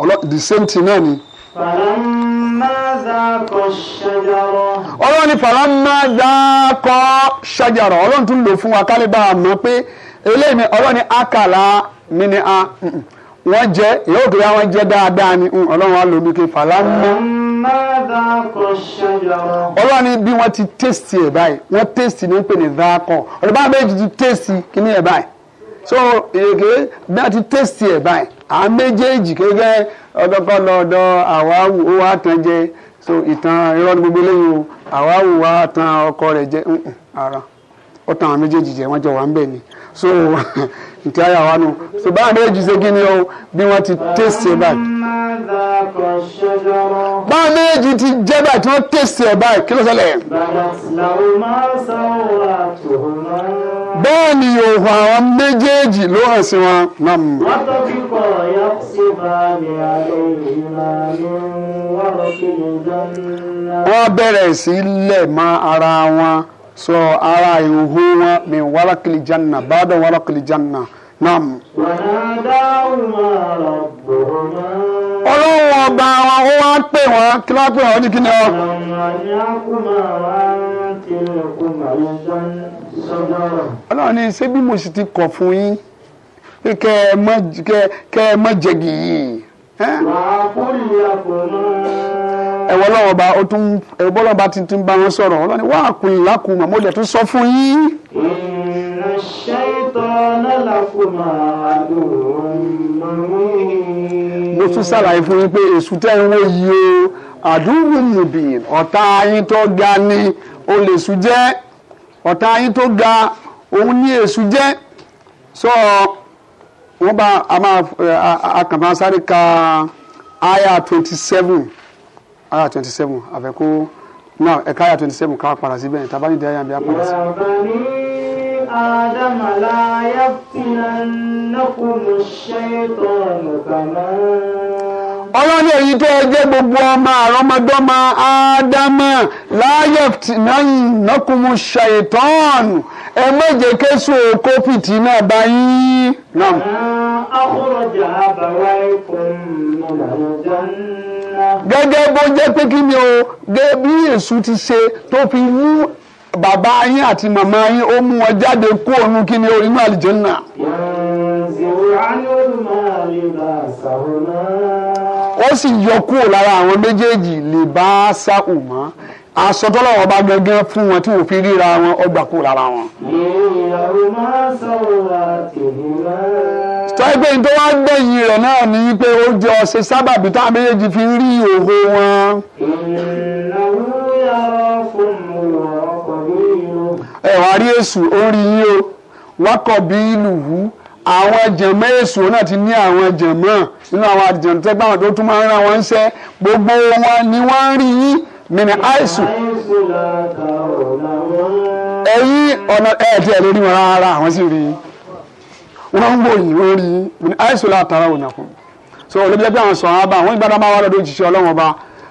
o the same thing náà ni. ọlọ́run ní falamma zaqa ṣajara ọlọ́run tún lò fún wa kálíbà pé eléyìí ni akala mi ni a wọ́n jẹ ìyóò kiri àwọn jẹ dáadáa ni ọlọ́run wa lò kí ọlọ́run ní bí wọ́n ti tẹ́sítì ẹ̀ báyìí wọ́n tẹ́sítì ní pè so èké bí wọ́n ti tẹ́sítì ẹ̀ báyìí ọdọkọ lọ ọ̀dọ̀ àwáwù ó wá tán so ìtàn irọ́ gbogbo eléyìí o àwáwù wá tan ọkọ rẹ jẹ ara ó àwọn méjèèjì jọ wà ń bẹ̀ ni so ìtì àyà wa nù so báwọn méjì ṣe kíni o bí wọ́n ti tẹ̀sí ẹ̀ báyìí. báwọn méjì ti jẹ́ báyìí tí wọ́n tẹ̀sí ẹ̀ báyìí kí ló ṣẹlẹ̀. bẹ́ẹ̀ ni òògùn àwọn méjèèjì ló hàn sí wọn náà. wọ́n wọ́n bẹ̀rẹ̀ sí lẹ̀ mọ́ ara wọn so ara ìhó wọn mi wàrà kìlì janna bàdàn wàrà kìlì janna nam. ọlọ́run ọba wọn ó wá pè wọ́n kí wọ́n pè wọ́n ní kí ni ọ. ọlọ́run ní ṣé bí mo sì ti kọ̀ fún yín kẹ́ ẹ mọ́ jẹ̀gì yìí ẹ̀wọ́ lọ́wọ́ bá ó tún ẹ̀wọ́ bọ́lá bá ti tún bá wọn sọ̀rọ̀ wọn lọ́ni wàá kùn lákùn mọ̀ mo lè tún sọ fún yín. ìrìn ṣẹ́tọ́ nálà fún màá dùn ún mọ́ mo tún ṣàlàyé fún yín pé èṣù tẹ́ ń wó yìí o àdúgbò mùbìn ọ̀tá yín tó ga ni o lè sùn jẹ́ ọ̀tá yín tó ga òun ní èṣù jẹ́ sọ. So, wọ́n bá a máa akànfà sáré ka aya twenty seven aya twenty seven àfẹ́kó náà ẹ̀ka aya twenty seven ká padà síbẹ̀ tàbá nídìí aya bí a padà sí. آدم لا يفتننكم الشيطان كما ọlọ́run èyí tó ẹgbẹ́ gbogbo ọmọ àrọ́mọdọ́mọ ádámà láyẹ̀tì náà nàkùnmù ṣàìtọ́ọ̀nù ẹ má jẹ́ késù kó fìtínà bá yín. àkúrọ̀jà àbàwá ńlá. gẹ́gẹ́ bó jẹ́ pé o gẹ́gẹ́ bí ti ṣe tó fi mú bàbá yín àti màmá yín ó mú wọn jáde kú òun kí ni o inú àlìjẹ́nà. ó sì yọ kúrò lára àwọn méjèèjì lè bá a sá asọtọlọ ọba gẹ́gẹ́ fún wọn tí wọ́n fi ríra wọn ọgbà kú lára wọn. ìyàwó máa sọ̀rọ̀ àtẹ̀wéwá. sọ́yìn pé ní tó wá gbẹ̀yìn rẹ̀ náà ní pé ó jọ ṣe sábàbí tá a méjèèjì fi rí òho wọn. ìnáwó yàrá fún mi ọkọ̀ mi o. ẹ wàá èṣù orí yín o wákọ̀ bí ìlú àwọn jẹ̀mọ́ èṣù náà ti ní àwọn jẹ̀mọ́ nínú àwọn àjẹ̀ntẹ́gbàwọn tó tún máa ń ra wọn ṣẹ́ gbogbo wọn ni wọ́n ń rí yín mìnì aisu. ẹ̀yìn ọ̀nà ẹ̀ẹ́dì ẹ̀ lórí wọn rárá àwọn sì rí wọn ń wò yìí wọn rí mìnì àìsùn látara ònàkùn so olóbi ẹgbẹ́ àwọn sọ̀rọ̀ àbá àwọn ìgbàdàn máa wà lọ́dọ̀ òjijì ọlọ́wọ́n ọba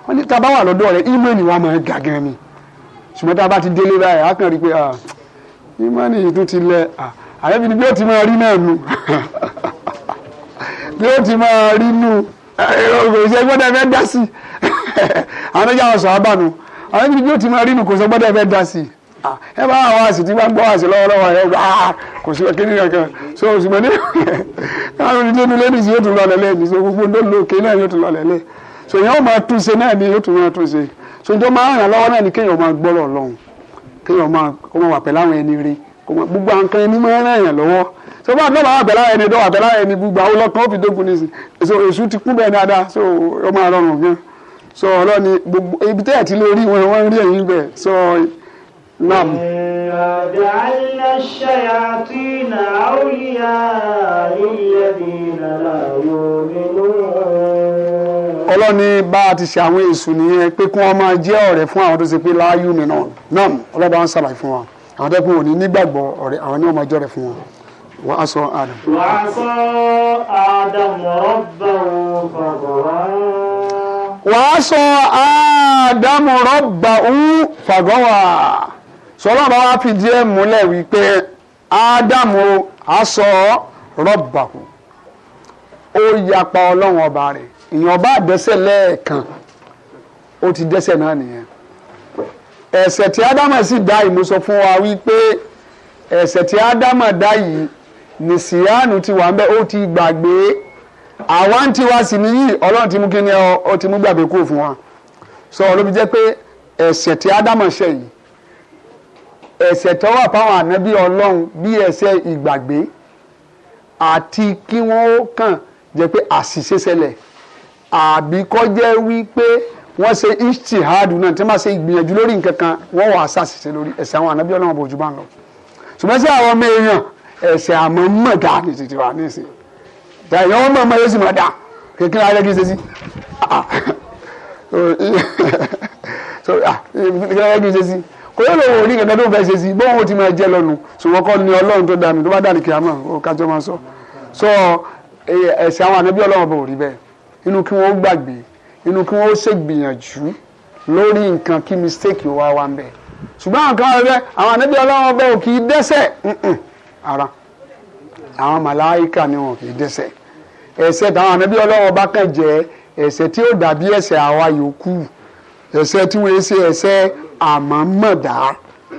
wọn ní tábà wà lọ́dọ̀ rẹ̀ ìmọ̀ ni wọn máa ń gàgẹ́ mi ṣùgbọ́n tá a bá ti délé báyìí á kàn rí pé ìmọ̀ ni ìtún ti lẹ̀ àyẹ̀bí ni bí ó ti máa rí náà nù bí ó ti máa rí nù ìṣègbọ́dọ̀ fẹ́ dá sí i àwọn tó jẹ́ àwọn sọ̀rọ̀ bánu àwọn ibi tí yóò ti máa rí nu kò sọ gbọ́dọ̀ ẹ fẹ́ da sí ẹ bá àwọn àṣì tí wọ́n gbọ́ àṣì lọ́wọ́lọ́wọ́ ẹ gbà á kò sí kí nìyẹn kan so ṣùgbọ́n ní àwọn olùdíje nu lẹ́nu yóò tún lọ lẹ́lẹ́ ní so gbogbo ndóòlù òkè náà yóò tún lọ lẹ́lẹ́ so ìyẹn ó máa túnṣe náà ni yóò tún máa túnṣe so ìjọ máa ràn lọ́wọ́ náà ni kéèyàn máa gbọ́rọ̀ lọ́hùn kéèyàn máa kó máa wà pẹ̀lú àwọn ẹni rí gbogbo nǹkan ẹni máa ràn yàn lọ́wọ́ so bá àgbẹ̀ máa bẹ̀rẹ̀ ẹni dọ́wọ́ àbẹ̀rẹ̀ ẹni gbogbo àwọn ọlọ́kan ó fi dógun nísìnyí so èṣù ti kún bẹ́ẹ̀ dáadáa so ó máa gan so ọlọ́run ni gbogbo ibi tẹ́yà tí lórí wọn wọ́n rí ẹ̀yìn bẹ̀ so nam. وجعلنا الشياطين أولياء للذين لا يؤمنون. ọlọ́run ni bá a ti ṣe àwọn èṣù nìyẹn pé kí wọ́n máa jẹ́ ọ̀rẹ́ fún àwọn tó ṣe pé láàyò mi náà nam ọlọ́ba ń ṣàlàyé fún wa àwọn tó kún òní nígbàgbọ́ ọ̀rẹ́ àwọn ni wọ́n máa jọ́rẹ̀ fún wọn. وعصى آدم وعصى آدم ربه فغوى wàásọ ádámù rọ́bà ú fàgọ́wà sọlá bá wá fìdí ẹ̀ múlẹ̀ wípé ádámù aṣọ rọ́bà kù ó yapa ọlọ́run ọba rẹ̀ èèyàn bá dẹ́sẹ̀ lẹ́ẹ̀kan ó ti dẹ́sẹ̀ náà nìyẹn ẹ̀ṣẹ̀ tí ádámù sì dá yìí fún wa wípé ẹ̀ṣẹ̀ tí ádámù dá yìí nìsíyánu ti wà ń bẹ ó ti gbàgbé àwa ń tiwa sì nìyí ọlọ́run ti mú kí ni ọ ti mú gbàgbé kúrò fún wa sọ olóbi jẹ́ pé ẹ̀ṣẹ̀ tí ádámọ̀ ṣẹ̀ yìí ẹ̀ṣẹ̀ tó wà fáwọn ànábì ọlọ́run bí ẹ̀ṣẹ̀ ìgbàgbé àti kí wọ́n ó kàn jẹ́ pé àṣìṣe ṣẹlẹ̀ àbí kọ́ jẹ́ wípé wọ́n ṣe ishtihadu náà tí wọ́n máa ṣe ìgbìyànjú lórí nǹkan kan wọ́n wà ṣàṣìṣe lórí ẹ̀ṣẹ̀ àwọn ànábì ọlọ́run bójú bá ń lọ ṣùgbọ́n sí àwọn ọmọ èèyàn ẹ̀ṣẹ̀ àmọ́ mọ̀dá ní títí wa nísìnyí tàyẹ̀ wọ́n mọ̀ ọmọ yóò sì mọ̀ dá kékeré ayé kí n ṣe sí kékeré ah, ayé ah. ah, kí n ṣe sí kò yóò lọ wò ní kankan tó fẹ́ ṣe sí bóun ó ti máa jẹ́ lọ́nu ṣùgbọ́n kọ́ ni ọlọ́run tó dànù tó bá dànù kìámà ó kájọ́ máa sọ so e, ẹ̀sìn àwọn ànábí ọlọ́run bò rí bẹ́ẹ̀ inú kí wọ́n gbàgbé inú kí wọ́n ṣègbìyànjú lórí nǹkan kí mistake wá wá ń bẹ̀ ṣùgbọ́n àwọn kan rẹ àwọn ànábí ọlọ́run bẹ́ẹ̀ ò kì í dẹ́sẹ̀ ara àwọn màláìkà ni wọn kì í dẹ́sẹ̀ ẹ̀ṣẹ̀ táwọn ànábì Ọlọ́run bá kàn jẹ́ ẹ̀ṣẹ̀ tí ó dàbí ẹ̀ṣẹ̀ àwa yòókù ẹ̀ṣẹ̀ tí wọ́n ṣe ẹ̀ṣẹ̀ àmọ̀mọ̀dá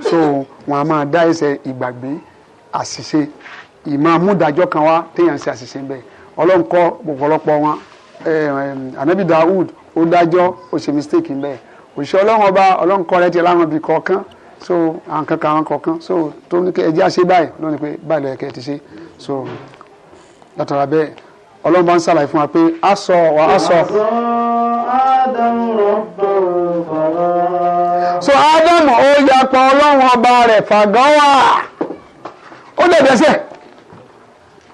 so wọn a máa dá ẹ̀ṣẹ̀ ìgbàgbé àṣìṣe ìmọ̀ amúdájọ́ kan wá téèyàn ṣe àṣìṣe ń bẹ̀ Ọlọ́run kọ́ ọ̀pọ̀lọpọ̀ wọn ànábì Dawud ó dájọ́ ó ṣe mistake ń bẹ̀ òṣìṣẹ́ Ọlọ́run ọba Ọlọ́run kọ́ rẹ ti láwọn ibì kọ̀ọ̀kan so àwọn kankan àwọn kọ̀ọ̀kan so tó ní kẹ́ ẹ jẹ́ àṣe báyìí lónìí pé báyìí lọ́yẹ̀ ti ṣe so látara bẹ́ẹ̀ ọlọ́run bá ń ṣàlàyé fún wa pé aṣọ wa aṣọ. so Adam, ó yapa ọlọ́run ọba rẹ̀ fàgọ́wà ó lè dẹ́sẹ̀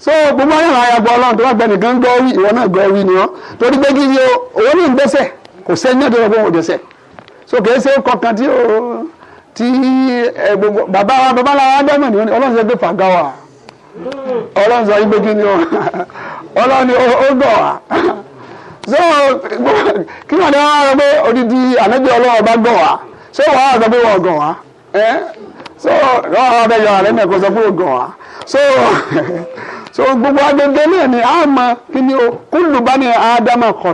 so gbogbo ayé àwọn ayàgbọ́ ọlọ́run tó bá gbẹ nìkan gọ́ọ́wì ìwọ náà gọ́ọ́wì ni ọ́ torí pé kí ni owó ní ìgbésẹ̀ kò sẹ́yìn náà tó lọ fún òun dẹ́sẹ̀ so kìí ṣe kọkàn tí ó ti eh, gbogbo bàbá wa babaláwa ádámù ni ọlọ́run ṣe gbé fàgọ́wà ọlọ́run sọ wípé kí ni o ọlọ́run ni ó gbọ̀ wá so kí wọ́n ní wọ́n rọ pé odidi ànábì ọlọ́run bá gbọ̀ wá ṣé wọ́n á sọ pé wọ́n gàn wá so lọ́wọ́ àwọn abẹ́yọ rẹ̀ náà kò sọ pé ó gàn wá so so gbogbo agbègbè náà ni a mọ kí ni o kúlù bá ní ádámà kọ̀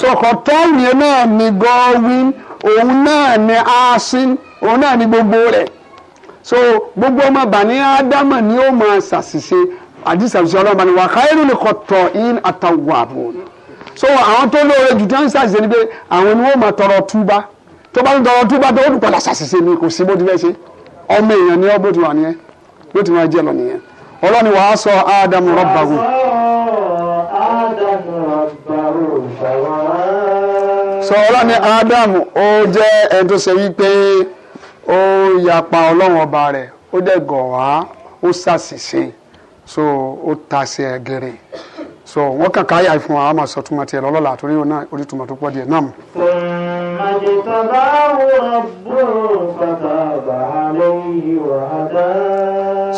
so kọ̀ tọ́ yẹn náà ni gọ́wín òun náà ni asin òun náà ni gbogbo rẹ̀ so gbogbo ọmọ bani ádámà ni ó máa ṣàṣìṣe àdìsí àṣìṣe ọlọ́run bani wà káyọ̀rù lè kọ́ tọ̀ in àtàwàbùn so àwọn tó lóore jù tí wọ́n ń ṣàṣìṣe ni pé àwọn ni wọ́n máa tọrọ túbá tó bá ń tọrọ túbá tó ń padà ṣàṣìṣe ni kò sí bó ti fẹ́ ṣe ọmọ èèyàn ni ọ bó ti wà nìyẹn bó ti máa jẹ lọ nìyẹn ọlọ́ni wàá sọ ádámù rọ́bàgùn. sọ ọlọ́ni ádámù ó jẹ́ ẹni tó ṣe wípé ó yapa ọlọ́run ọba rẹ̀ ó dẹ̀ gọ̀ wá ó ṣàṣìṣe so ó tasẹ̀ gẹ̀rẹ̀ so wọ́n kàn káyà fún wa a máa sọ túmọ̀ tiẹ̀ lọ́lọ́la àtúrí ọ̀nà onítùmọ̀ tó pọ̀ díẹ̀ náà.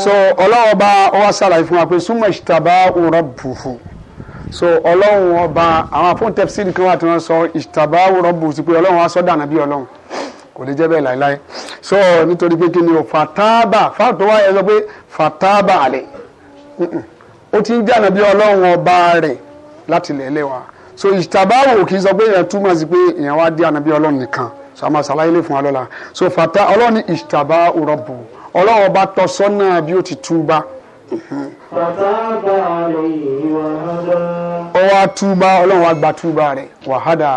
so ọlọ́run ọba ó wá ṣàlàyé fún wa pé súnmọ́ ìṣìtàbá òrọ̀ bùfù so ọlọ́run ọba àwọn afọ́ntẹ́fsì kan wà tí wọ́n sọ ìṣìtàbá òrọ̀ bùfù sí pé ọlọ́run wa sọ́dà náà bí ọlọ́run kò ní jẹ́ bẹ́ẹ̀ láéláé sọ nítorí pé kí ni o fataba fàtọ́wá yẹn sọ pé fataba àlẹ́ o ti ń jẹ́ ànábí ọlọ́run ọba rẹ̀ láti lẹ́lẹ́ wa so ìtàbáwò kì í sọ pé èèyàn túmọ̀ sí pé èèyàn wá dé ànábí ọlọ́run nìkan so a máa ṣàlàyé lè fún wa lọ́la so fata ọlọ́run ìtàbá òrọ̀bù ọlọ́run ọba tọ́ sọ́nà bí ó ti túba. Mm-hmm. fataba àlẹ́ wàhádà. ó wá túba ọlọ́run wá gba túba rẹ̀ wàhádà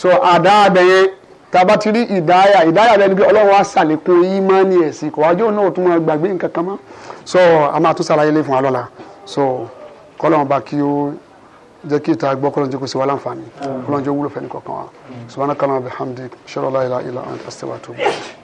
so àdáàbẹ̀yẹn tàbá ti rí ìdáyà ìdáyà rẹ ni pé ọlọ́run á ṣàlékún ìmánì ẹ̀ sí kò wájú náà tó máa gbàgbé nǹkan kan mọ́ so a máa tún ṣàlàyé lé fún wa lọ́la so kọ́lọ́run bá kí ó jẹ́ kí ìta gbọ́ kọ́lọ́run jẹ́ kó sì wá láǹfààní kọ́lọ́run jẹ́ wúlò fẹ́ni kọ̀ọ̀kan wa subhanaka wa bihamdik ṣọlọ́lá ìlà ìlà àti àṣẹwàtò.